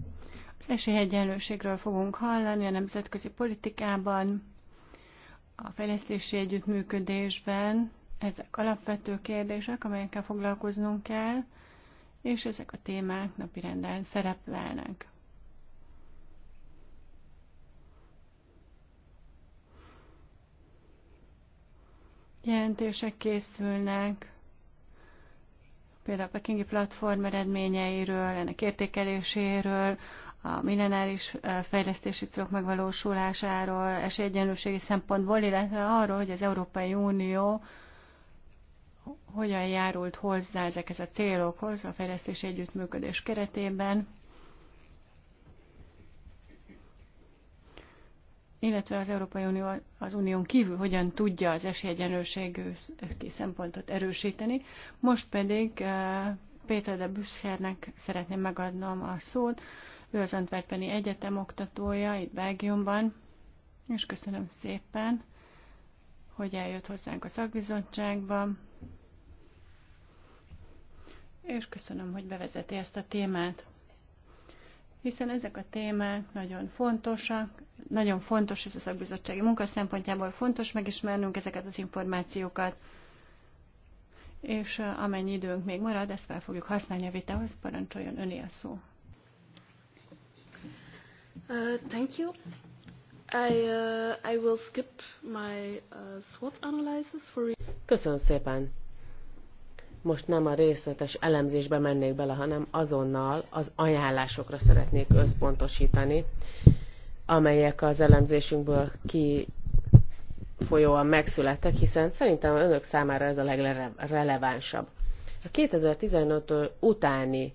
Az esélyegyenlőségről fogunk hallani a nemzetközi politikában, a fejlesztési együttműködésben. Ezek alapvető kérdések, amelyekkel foglalkoznunk kell és ezek a témák napirenden szerepelnek. Jelentések készülnek, például a Pekingi platform eredményeiről, ennek értékeléséről, a millenáris fejlesztési célok megvalósulásáról, esélyegyenlőségi szempontból, illetve arról, hogy az Európai Unió hogyan járult hozzá ezekhez a célokhoz a fejlesztési együttműködés keretében, illetve az Európai Unió az unión kívül hogyan tudja az esélyegyenlőségű szempontot erősíteni. Most pedig eh, Péter de Büszkernek szeretném megadnom a szót. Ő az Antwerpeni Egyetem oktatója itt Belgiumban, és köszönöm szépen, hogy eljött hozzánk a szakbizottságban és köszönöm, hogy bevezeti ezt a témát. Hiszen ezek a témák nagyon fontosak, nagyon fontos ez a szakbizottsági munka szempontjából fontos megismernünk ezeket az információkat, és amennyi időnk még marad, ezt fel fogjuk használni a vitához, parancsoljon öné a szó. Uh, thank you. I, uh, I will skip my uh, SWOT analysis for... Köszönöm szépen most nem a részletes elemzésbe mennék bele, hanem azonnal az ajánlásokra szeretnék összpontosítani, amelyek az elemzésünkből ki folyóan megszülettek, hiszen szerintem önök számára ez a legrelevánsabb. A 2015 utáni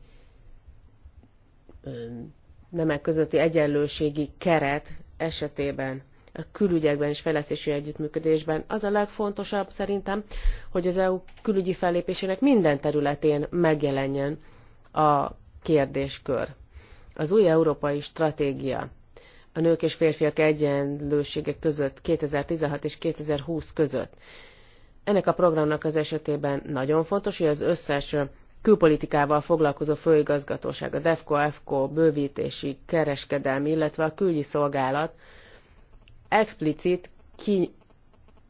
nemek közötti egyenlőségi keret esetében külügyekben és fejlesztési együttműködésben. Az a legfontosabb szerintem, hogy az EU külügyi fellépésének minden területén megjelenjen a kérdéskör. Az új európai stratégia a nők és férfiak egyenlősége között 2016 és 2020 között. Ennek a programnak az esetében nagyon fontos, hogy az összes külpolitikával foglalkozó főigazgatóság, a DEFCO, EFCO, bővítési, kereskedelmi, illetve a külügyi szolgálat explicit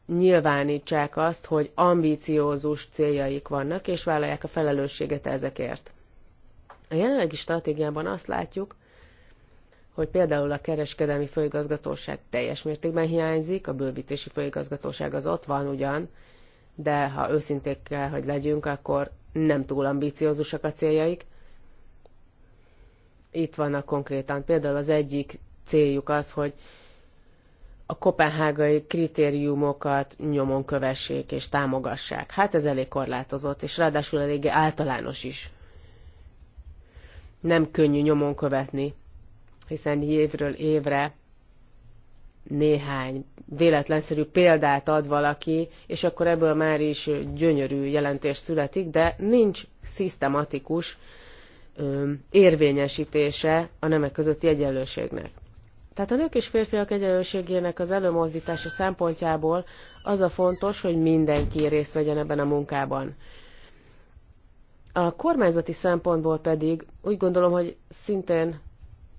kinyilvánítsák azt, hogy ambíciózus céljaik vannak, és vállalják a felelősséget ezekért. A jelenlegi stratégiában azt látjuk, hogy például a kereskedelmi főigazgatóság teljes mértékben hiányzik, a bővítési főigazgatóság az ott van ugyan, de ha őszinték kell, hogy legyünk, akkor nem túl ambíciózusak a céljaik. Itt vannak konkrétan. Például az egyik céljuk az, hogy a kopenhágai kritériumokat nyomon kövessék és támogassák. Hát ez elég korlátozott, és ráadásul elég általános is. Nem könnyű nyomon követni, hiszen évről évre néhány véletlenszerű példát ad valaki, és akkor ebből már is gyönyörű jelentés születik, de nincs szisztematikus érvényesítése a nemek közötti egyenlőségnek. Tehát a nők és férfiak egyenlőségének az előmozdítása szempontjából az a fontos, hogy mindenki részt vegyen ebben a munkában. A kormányzati szempontból pedig úgy gondolom, hogy szintén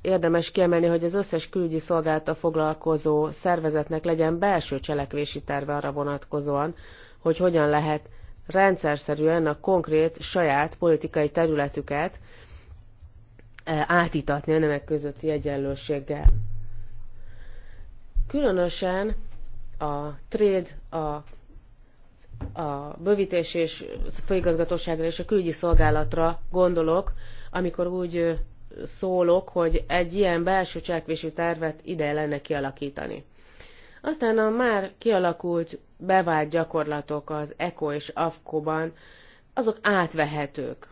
érdemes kiemelni, hogy az összes külügyi szolgálata foglalkozó szervezetnek legyen belső cselekvési terve arra vonatkozóan, hogy hogyan lehet szerűen a konkrét saját politikai területüket eh, átítatni a nemek közötti egyenlőséggel. Különösen a trade, a a bővítés és főigazgatóságra és a külügyi szolgálatra gondolok, amikor úgy szólok, hogy egy ilyen belső cselekvési tervet ide lenne kialakítani. Aztán a már kialakult bevált gyakorlatok az ECO és afco ban azok átvehetők.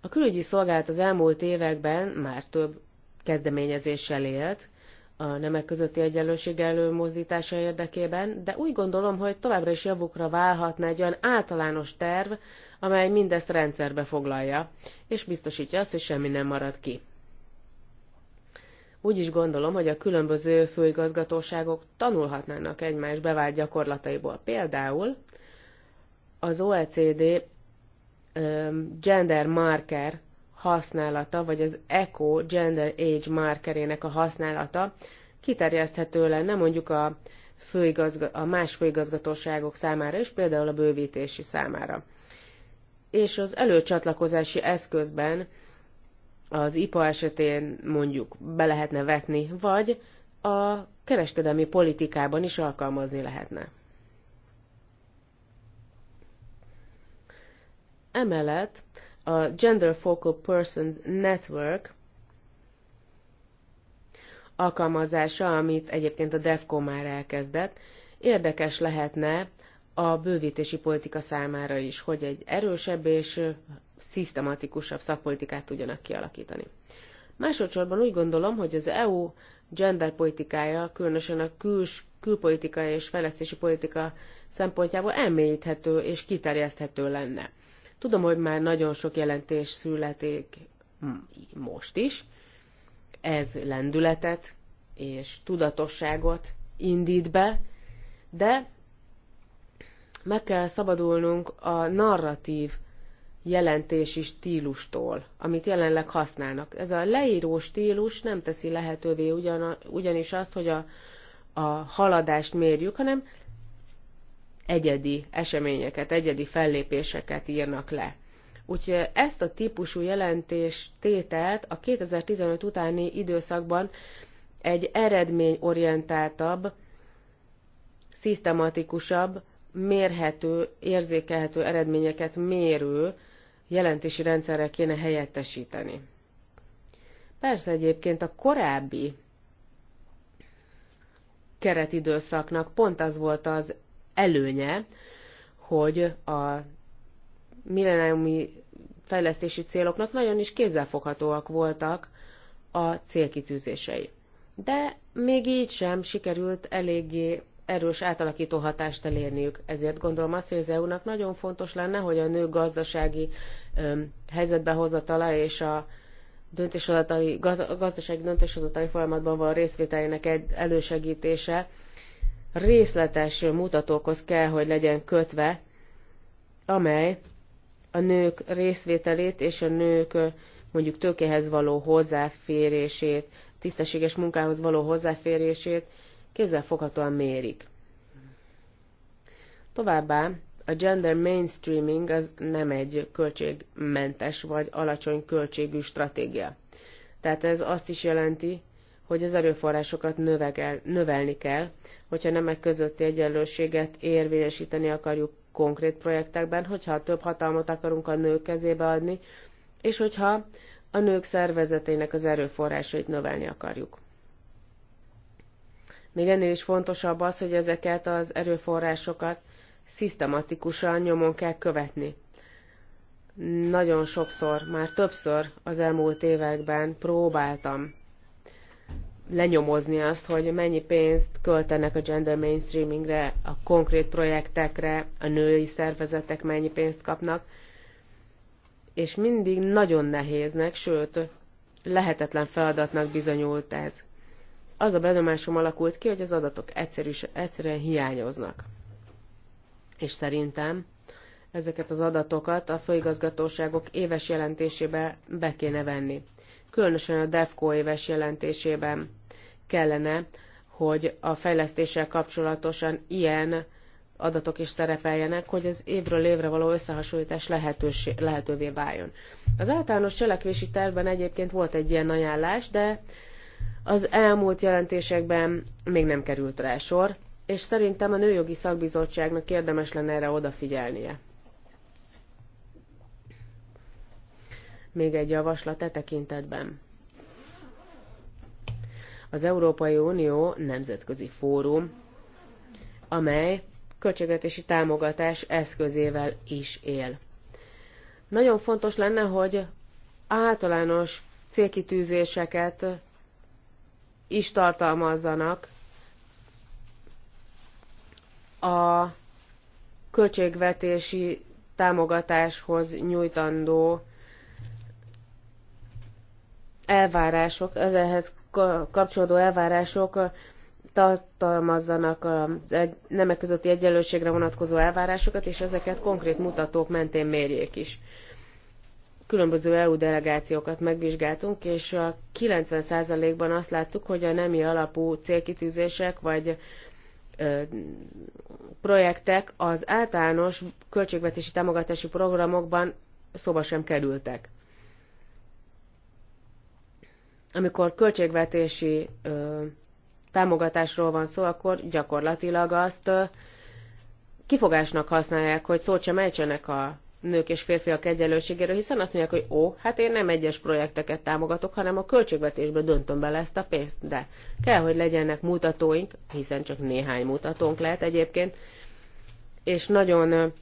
A külügyi szolgálat az elmúlt években már több kezdeményezéssel élt a nemek közötti egyenlőség előmozdítása érdekében, de úgy gondolom, hogy továbbra is javukra válhatna egy olyan általános terv, amely mindezt rendszerbe foglalja, és biztosítja azt, hogy semmi nem marad ki. Úgy is gondolom, hogy a különböző főigazgatóságok tanulhatnának egymás bevált gyakorlataiból. Például az OECD gender marker használata, vagy az ECO Gender Age markerének a használata kiterjeszthető lenne mondjuk a, a más főigazgatóságok számára is, például a bővítési számára. És az előcsatlakozási eszközben az IPA esetén mondjuk be lehetne vetni, vagy a kereskedelmi politikában is alkalmazni lehetne. Emellett a Gender Focal Persons Network alkalmazása, amit egyébként a DEFCO már elkezdett, érdekes lehetne a bővítési politika számára is, hogy egy erősebb és szisztematikusabb szakpolitikát tudjanak kialakítani. Másodszorban úgy gondolom, hogy az EU genderpolitikája, különösen a küls, külpolitika és fejlesztési politika szempontjából elmélyíthető és kiterjeszthető lenne. Tudom, hogy már nagyon sok jelentés születik most is. Ez lendületet és tudatosságot indít be, de meg kell szabadulnunk a narratív jelentési stílustól, amit jelenleg használnak. Ez a leíró stílus nem teszi lehetővé ugyan, ugyanis azt, hogy a, a haladást mérjük, hanem egyedi eseményeket, egyedi fellépéseket írnak le. Úgyhogy ezt a típusú jelentés tételt a 2015 utáni időszakban egy eredményorientáltabb, szisztematikusabb, mérhető, érzékelhető eredményeket mérő jelentési rendszerre kéne helyettesíteni. Persze egyébként a korábbi keretidőszaknak pont az volt az előnye, hogy a milleniumi fejlesztési céloknak nagyon is kézzelfoghatóak voltak a célkitűzései. De még így sem sikerült eléggé erős átalakító hatást elérniük. Ezért gondolom azt, hogy az EU-nak nagyon fontos lenne, hogy a nő gazdasági öm, helyzetbe hozatala és a döntéshozatali, gazdasági döntéshozatali folyamatban van részvételének elősegítése részletes mutatókhoz kell, hogy legyen kötve, amely a nők részvételét és a nők mondjuk tőkéhez való hozzáférését, tisztességes munkához való hozzáférését kézzelfoghatóan mérik. Továbbá a gender mainstreaming az nem egy költségmentes vagy alacsony költségű stratégia. Tehát ez azt is jelenti, hogy az erőforrásokat növegel, növelni kell, hogyha nemek közötti egyenlőséget érvényesíteni akarjuk konkrét projektekben, hogyha több hatalmat akarunk a nők kezébe adni, és hogyha a nők szervezetének az erőforrásait növelni akarjuk. Még ennél is fontosabb az, hogy ezeket az erőforrásokat szisztematikusan nyomon kell követni. Nagyon sokszor, már többször az elmúlt években próbáltam lenyomozni azt, hogy mennyi pénzt költenek a gender mainstreamingre, a konkrét projektekre, a női szervezetek mennyi pénzt kapnak, és mindig nagyon nehéznek, sőt, lehetetlen feladatnak bizonyult ez. Az a benyomásom alakult ki, hogy az adatok egyszerűs, egyszerűen hiányoznak. És szerintem ezeket az adatokat a főigazgatóságok éves jelentésébe be kéne venni különösen a DEFCO éves jelentésében kellene, hogy a fejlesztéssel kapcsolatosan ilyen adatok is szerepeljenek, hogy az évről évre való összehasonlítás lehetővé váljon. Az általános cselekvési tervben egyébként volt egy ilyen ajánlás, de az elmúlt jelentésekben még nem került rá sor, és szerintem a Nőjogi Szakbizottságnak érdemes lenne erre odafigyelnie. még egy javaslat e tekintetben. Az Európai Unió nemzetközi fórum, amely költségvetési támogatás eszközével is él. Nagyon fontos lenne, hogy általános célkitűzéseket is tartalmazzanak a költségvetési támogatáshoz nyújtandó elvárások, az ehhez kapcsolódó elvárások tartalmazzanak a nemek közötti egyenlőségre vonatkozó elvárásokat, és ezeket konkrét mutatók mentén mérjék is. Különböző EU delegációkat megvizsgáltunk, és a 90%-ban azt láttuk, hogy a nemi alapú célkitűzések vagy projektek az általános költségvetési támogatási programokban szóba sem kerültek amikor költségvetési ö, támogatásról van szó, akkor gyakorlatilag azt ö, kifogásnak használják, hogy szót sem ejtsenek a nők és férfiak egyenlőségéről, hiszen azt mondják, hogy ó, hát én nem egyes projekteket támogatok, hanem a költségvetésbe döntöm bele ezt a pénzt. De kell, hogy legyenek mutatóink, hiszen csak néhány mutatónk lehet egyébként, és nagyon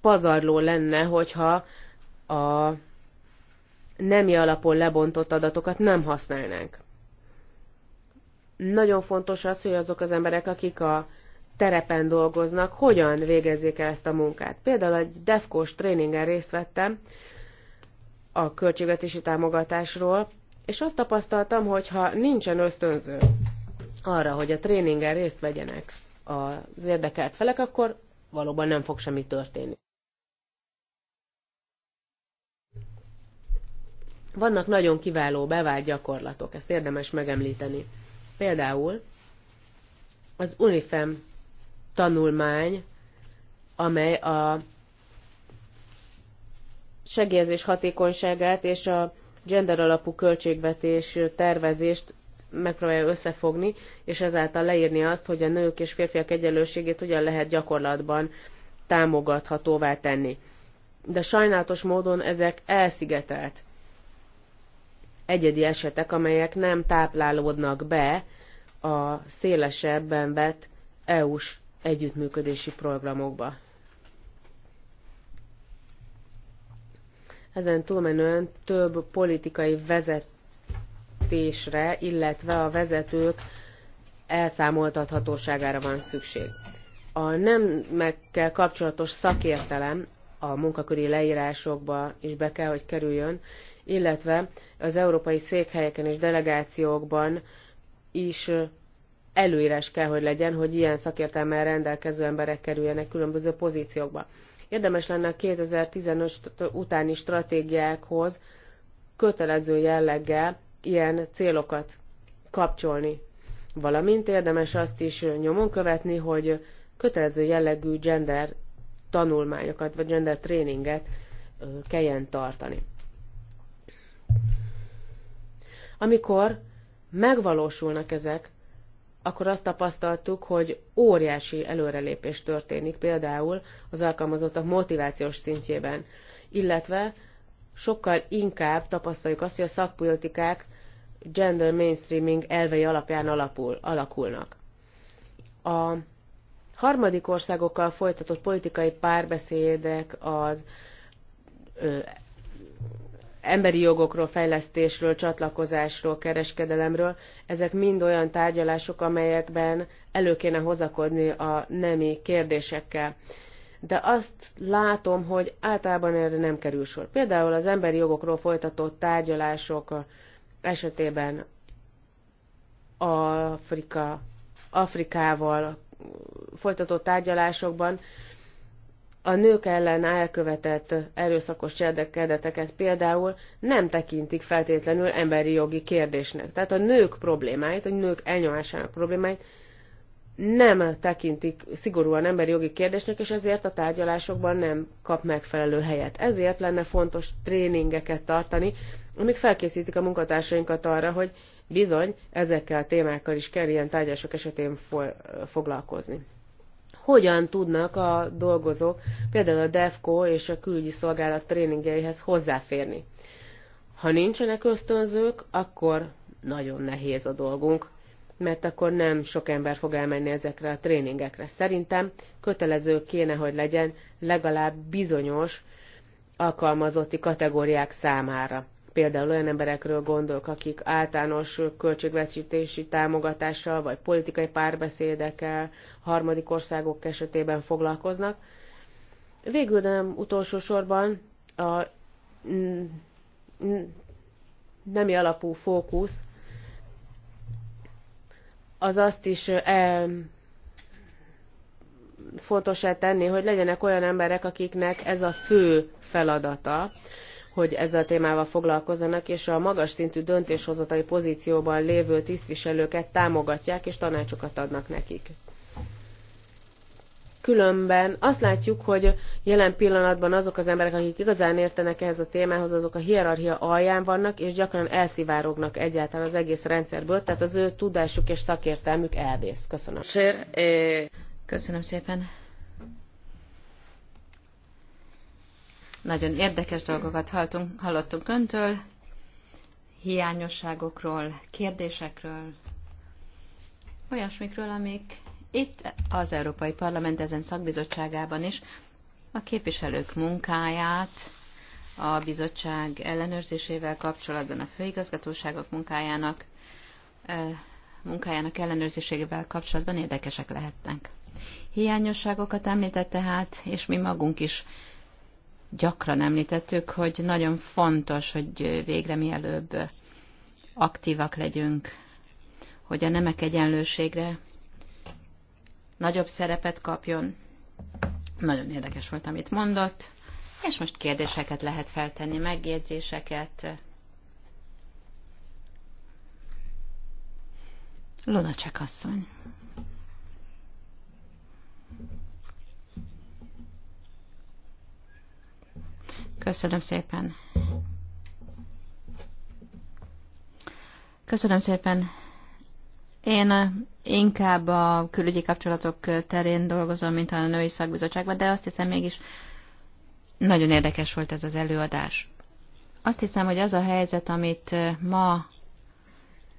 pazarló lenne, hogyha a nemi alapon lebontott adatokat nem használnánk. Nagyon fontos az, hogy azok az emberek, akik a terepen dolgoznak, hogyan végezzék el ezt a munkát. Például egy defco tréningen részt vettem a költségvetési támogatásról, és azt tapasztaltam, hogy ha nincsen ösztönző arra, hogy a tréningen részt vegyenek az érdekelt felek, akkor valóban nem fog semmi történni. Vannak nagyon kiváló bevált gyakorlatok, ezt érdemes megemlíteni. Például az UNIFEM tanulmány, amely a segélyezés hatékonyságát és a gender alapú költségvetés tervezést megpróbálja összefogni, és ezáltal leírni azt, hogy a nők és férfiak egyenlőségét hogyan lehet gyakorlatban támogathatóvá tenni. De sajnálatos módon ezek elszigetelt egyedi esetek, amelyek nem táplálódnak be a szélesebben vett EU-s együttműködési programokba. Ezen túlmenően több politikai vezetésre, illetve a vezetők elszámoltathatóságára van szükség. A nemekkel kapcsolatos szakértelem a munkaköri leírásokba is be kell, hogy kerüljön, illetve az európai székhelyeken és delegációkban is előírás kell, hogy legyen, hogy ilyen szakértelmel rendelkező emberek kerüljenek különböző pozíciókba. Érdemes lenne a 2015 utáni stratégiákhoz kötelező jelleggel ilyen célokat kapcsolni. Valamint érdemes azt is nyomon követni, hogy kötelező jellegű gender tanulmányokat vagy gender tréninget kelljen tartani. Amikor megvalósulnak ezek, akkor azt tapasztaltuk, hogy óriási előrelépés történik például az alkalmazottak motivációs szintjében, illetve sokkal inkább tapasztaljuk azt, hogy a szakpolitikák gender mainstreaming elvei alapján alapul, alakulnak. A harmadik országokkal folytatott politikai párbeszédek, az emberi jogokról, fejlesztésről, csatlakozásról, kereskedelemről. Ezek mind olyan tárgyalások, amelyekben elő kéne hozakodni a nemi kérdésekkel. De azt látom, hogy általában erre nem kerül sor. Például az emberi jogokról folytatott tárgyalások esetében Afrika, Afrikával folytatott tárgyalásokban a nők ellen elkövetett erőszakos cselekedeteket például nem tekintik feltétlenül emberi jogi kérdésnek. Tehát a nők problémáit, a nők elnyomásának problémáit nem tekintik szigorúan emberi jogi kérdésnek, és ezért a tárgyalásokban nem kap megfelelő helyet. Ezért lenne fontos tréningeket tartani, amik felkészítik a munkatársainkat arra, hogy bizony ezekkel a témákkal is kell ilyen tárgyalások esetén fo- foglalkozni hogyan tudnak a dolgozók például a DEFCO és a külügyi szolgálat tréningeihez hozzáférni. Ha nincsenek ösztönzők, akkor nagyon nehéz a dolgunk, mert akkor nem sok ember fog elmenni ezekre a tréningekre. Szerintem kötelező kéne, hogy legyen legalább bizonyos alkalmazotti kategóriák számára. Például olyan emberekről gondolok, akik általános költségvetítési támogatással vagy politikai párbeszédekkel harmadik országok esetében foglalkoznak. Végül nem utolsó sorban a nemi alapú fókusz az azt is e, tenni, hogy legyenek olyan emberek, akiknek ez a fő feladata, hogy ezzel a témával foglalkozzanak, és a magas szintű döntéshozatai pozícióban lévő tisztviselőket támogatják és tanácsokat adnak nekik. Különben azt látjuk, hogy jelen pillanatban azok az emberek, akik igazán értenek ehhez a témához, azok a hierarchia alján vannak, és gyakran elszivárognak egyáltalán az egész rendszerből, tehát az ő tudásuk és szakértelmük elvész. Köszönöm. Eh, Köszönöm szépen. Nagyon érdekes dolgokat hallottunk, hallottunk öntől, hiányosságokról, kérdésekről, olyasmikről, amik itt az Európai Parlament ezen szakbizottságában is a képviselők munkáját, a bizottság ellenőrzésével kapcsolatban, a főigazgatóságok munkájának, eh, munkájának ellenőrzésével kapcsolatban érdekesek lehetnek. Hiányosságokat említette hát és mi magunk is gyakran említettük, hogy nagyon fontos, hogy végre mielőbb aktívak legyünk, hogy a nemek egyenlőségre nagyobb szerepet kapjon. Nagyon érdekes volt, amit mondott, és most kérdéseket lehet feltenni, megjegyzéseket. Lunacek asszony. Köszönöm szépen. Köszönöm szépen. Én eh, inkább a külügyi kapcsolatok eh, terén dolgozom, mint a női szakbizottságban, de azt hiszem mégis nagyon érdekes volt ez az előadás. Azt hiszem, hogy az a helyzet, amit eh, ma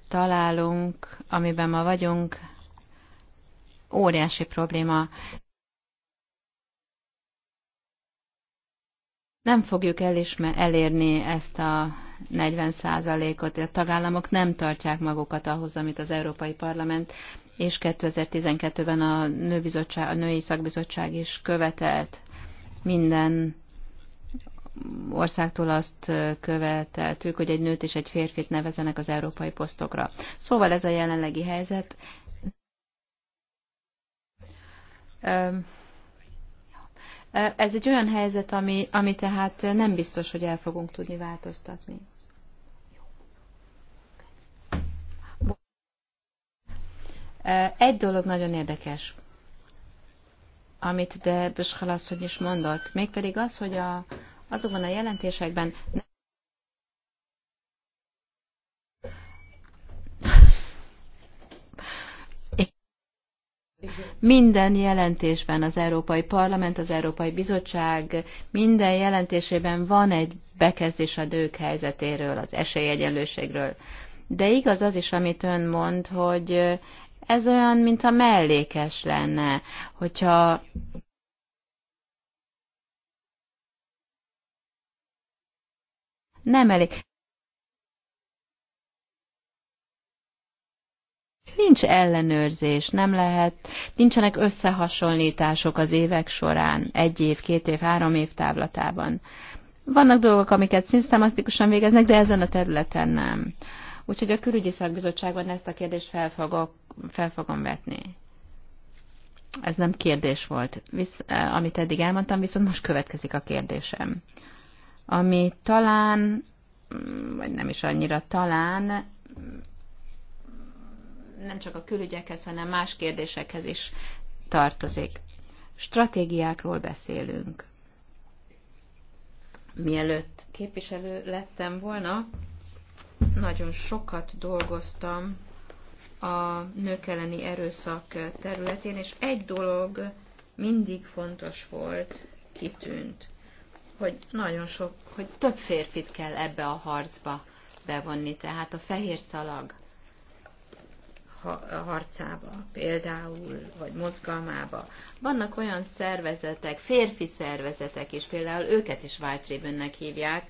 találunk, amiben ma vagyunk, óriási probléma. nem fogjuk elismer, elérni ezt a 40%-ot. A tagállamok nem tartják magukat ahhoz, amit az Európai Parlament és 2012-ben a, a Női Szakbizottság is követelt. Minden országtól azt követeltük, hogy egy nőt és egy férfit nevezenek az európai posztokra. Szóval ez a jelenlegi helyzet. Ez egy olyan helyzet, ami, ami tehát nem biztos, hogy el fogunk tudni változtatni. Egy dolog nagyon érdekes, amit de Böskal is mondott, mégpedig az, hogy a, azokban a jelentésekben Minden jelentésben az Európai Parlament, az Európai Bizottság, minden jelentésében van egy bekezdés a nők helyzetéről, az esélyegyenlőségről. De igaz az is, amit ön mond, hogy ez olyan, mint a mellékes lenne, hogyha nem elég. Nincs ellenőrzés, nem lehet, nincsenek összehasonlítások az évek során, egy év, két év, három év távlatában. Vannak dolgok, amiket szisztematikusan végeznek, de ezen a területen nem. Úgyhogy a külügyi szakbizottságban ezt a kérdést fel, fogok, fel fogom vetni. Ez nem kérdés volt, visz, eh, amit eddig elmondtam, viszont most következik a kérdésem. Ami talán, mm, vagy nem is annyira talán, nem csak a külügyekhez, hanem más kérdésekhez is tartozik. Stratégiákról beszélünk. Mielőtt képviselő lettem volna, nagyon sokat dolgoztam a nők elleni erőszak területén, és egy dolog mindig fontos volt, kitűnt, hogy nagyon sok, hogy több férfit kell ebbe a harcba bevonni, tehát a fehér szalag harcába például, vagy mozgalmába. Vannak olyan szervezetek, férfi szervezetek is, például őket is White Ribbonnek hívják.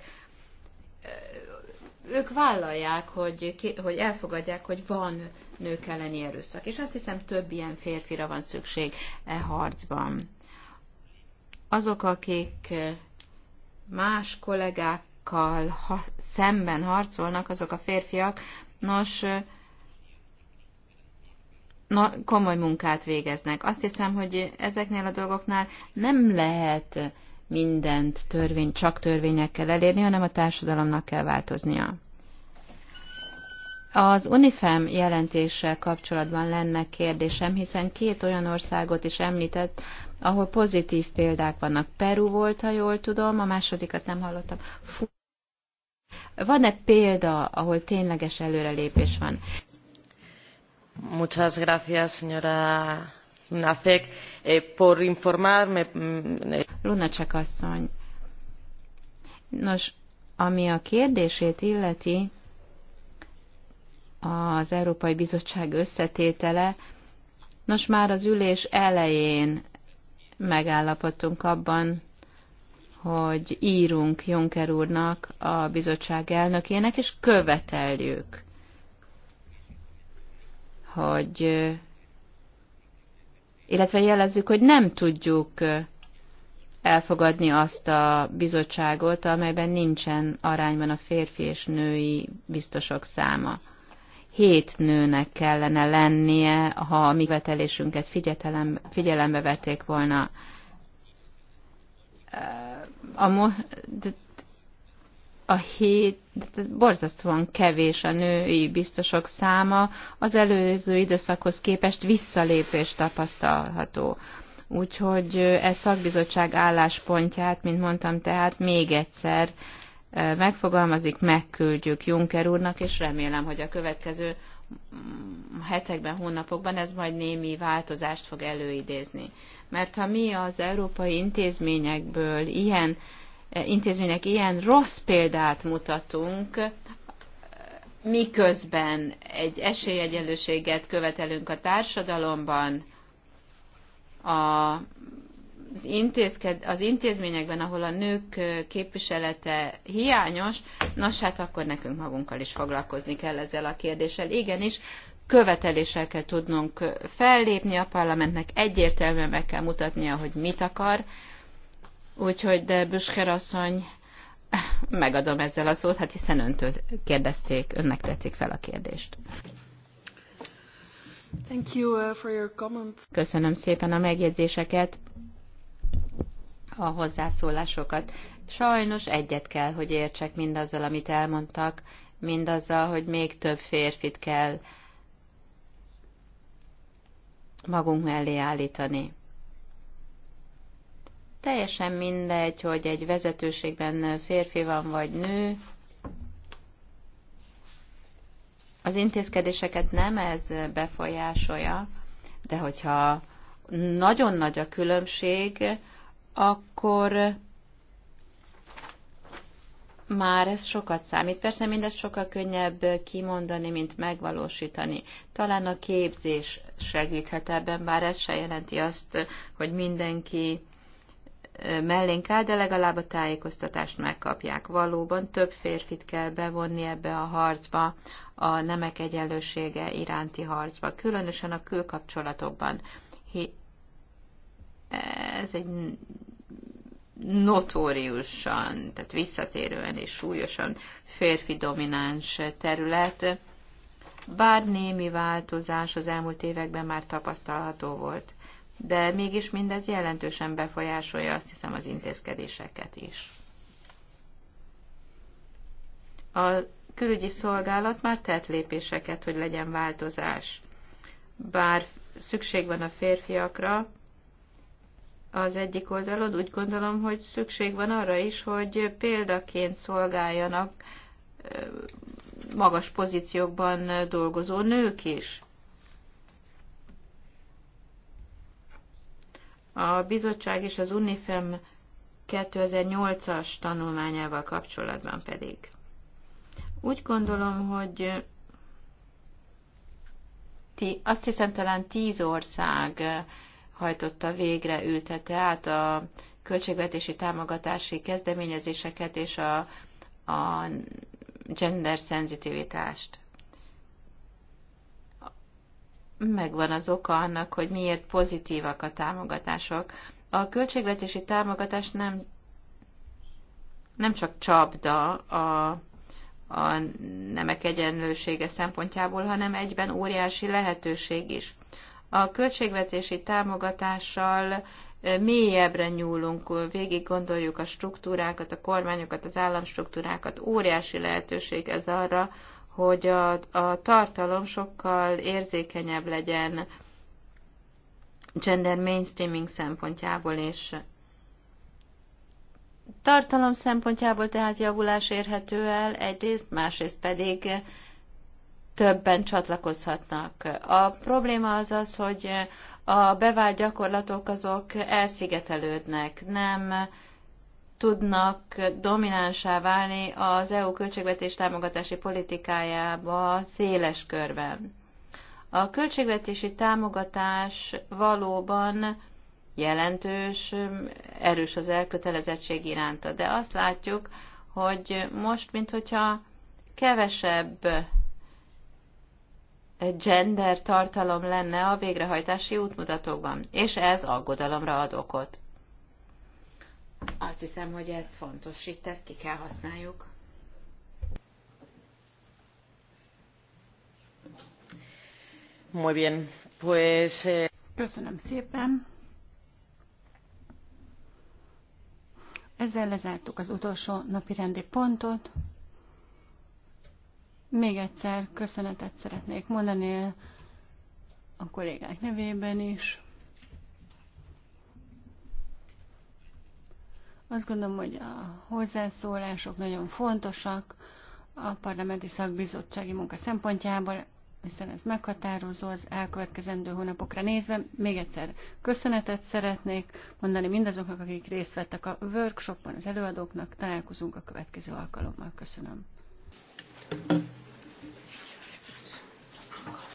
Ők vállalják, hogy, hogy elfogadják, hogy van nők elleni erőszak, és azt hiszem több ilyen férfira van szükség e harcban. Azok, akik más kollégákkal ha, szemben harcolnak, azok a férfiak, nos, na, komoly munkát végeznek. Azt hiszem, hogy ezeknél a dolgoknál nem lehet mindent törvény, csak törvényekkel elérni, hanem a társadalomnak kell változnia. Az UNIFEM jelentéssel kapcsolatban lenne kérdésem, hiszen két olyan országot is említett, ahol pozitív példák vannak. Peru volt, ha jól tudom, a másodikat nem hallottam. Van-e példa, ahol tényleges előrelépés van? Muchas gracias, señora Lunacek, eh, por informarme. Mm, eh. Lunacek asszony. Nos, ami a kérdését illeti, az Európai Bizottság összetétele, nos már az ülés elején megállapodtunk abban, hogy írunk Juncker úrnak, a bizottság elnökének, és követeljük hogy illetve jelezzük, hogy nem tudjuk elfogadni azt a bizottságot, amelyben nincsen arányban a férfi és női biztosok száma. Hét nőnek kellene lennie, ha a mi vetelésünket figyelembe vették volna. A mo- a hét, borzasztóan kevés a női biztosok száma, az előző időszakhoz képest visszalépés tapasztalható. Úgyhogy ez szakbizottság álláspontját, mint mondtam, tehát még egyszer megfogalmazik, megküldjük Juncker úrnak, és remélem, hogy a következő mm, hetekben, hónapokban ez majd némi változást fog előidézni. Mert ha mi az európai intézményekből ilyen Eh, intézmények ilyen rossz példát mutatunk, miközben egy esélyegyenlőséget követelünk a társadalomban, a, az, intézked, az intézményekben, ahol a nők eh, képviselete hiányos, nos hát akkor nekünk magunkkal is foglalkozni kell ezzel a kérdéssel. Igenis, követeléssel kell tudnunk eh, fellépni a parlamentnek, egyértelműen meg kell mutatnia, hogy mit akar, Úgyhogy, de Büsker asszony, megadom ezzel a szót, hát hiszen öntől kérdezték, önnek tették fel a kérdést. Thank you uh, for your Köszönöm szépen a megjegyzéseket, a hozzászólásokat. Sajnos egyet kell, hogy értsek mindazzal, amit elmondtak, mindazzal, hogy még több férfit kell magunk mellé állítani. Teljesen mindegy, hogy egy vezetőségben férfi van vagy nő. Az intézkedéseket nem ez befolyásolja, de hogyha nagyon nagy a különbség, akkor már ez sokat számít. Persze mindez sokkal könnyebb kimondani, mint megvalósítani. Talán a képzés segíthet ebben, bár ez se jelenti azt, hogy mindenki mellénk áll, de legalább a tájékoztatást megkapják. Valóban több férfit kell bevonni ebbe a harcba, a nemek egyenlősége iránti harcba, különösen a külkapcsolatokban. Ez egy notóriusan, tehát visszatérően és súlyosan férfi domináns terület, bár némi változás az elmúlt években már tapasztalható volt de mégis mindez jelentősen befolyásolja azt hiszem az intézkedéseket is. A külügyi szolgálat már tett lépéseket, hogy legyen változás. Bár szükség van a férfiakra, az egyik oldalon úgy gondolom, hogy szükség van arra is, hogy példaként szolgáljanak magas pozíciókban dolgozó nők is. a bizottság és az UNIFEM 2008-as tanulmányával kapcsolatban pedig. Úgy gondolom, hogy ti, azt hiszem talán tíz ország hajtotta végre, ültette át a költségvetési támogatási kezdeményezéseket és a, a gender szenzitivitást megvan az oka annak, hogy miért pozitívak a támogatások. A költségvetési támogatás nem, nem csak csapda a, a nemek egyenlősége szempontjából, hanem egyben óriási lehetőség is. A költségvetési támogatással mélyebbre nyúlunk, végig gondoljuk a struktúrákat, a kormányokat, az államstruktúrákat, óriási lehetőség ez arra, hogy a, a tartalom sokkal érzékenyebb legyen gender mainstreaming szempontjából és Tartalom szempontjából tehát javulás érhető el egyrészt, másrészt pedig többen csatlakozhatnak. A probléma az az, hogy a bevált gyakorlatok azok elszigetelődnek, nem tudnak dominánsá válni az EU költségvetés támogatási politikájába széles körben. A költségvetési támogatás valóban jelentős, erős az elkötelezettség iránta, de azt látjuk, hogy most, minthogyha kevesebb gender tartalom lenne a végrehajtási útmutatókban, és ez aggodalomra ad okot. Azt hiszem, hogy ez fontos, itt ezt ki kell használjuk. Muy bien, pues... Eh, Köszönöm szépen. Ezzel lezártuk az utolsó napi rendi pontot. Még egyszer köszönetet szeretnék mondani a kollégák nevében is. Azt gondolom, hogy a hozzászólások nagyon fontosak a parlamenti szakbizottsági munka szempontjából, hiszen ez meghatározó az elkövetkezendő hónapokra nézve. Még egyszer köszönetet szeretnék mondani mindazoknak, akik részt vettek a workshopon, az előadóknak. Találkozunk a következő alkalommal. Köszönöm.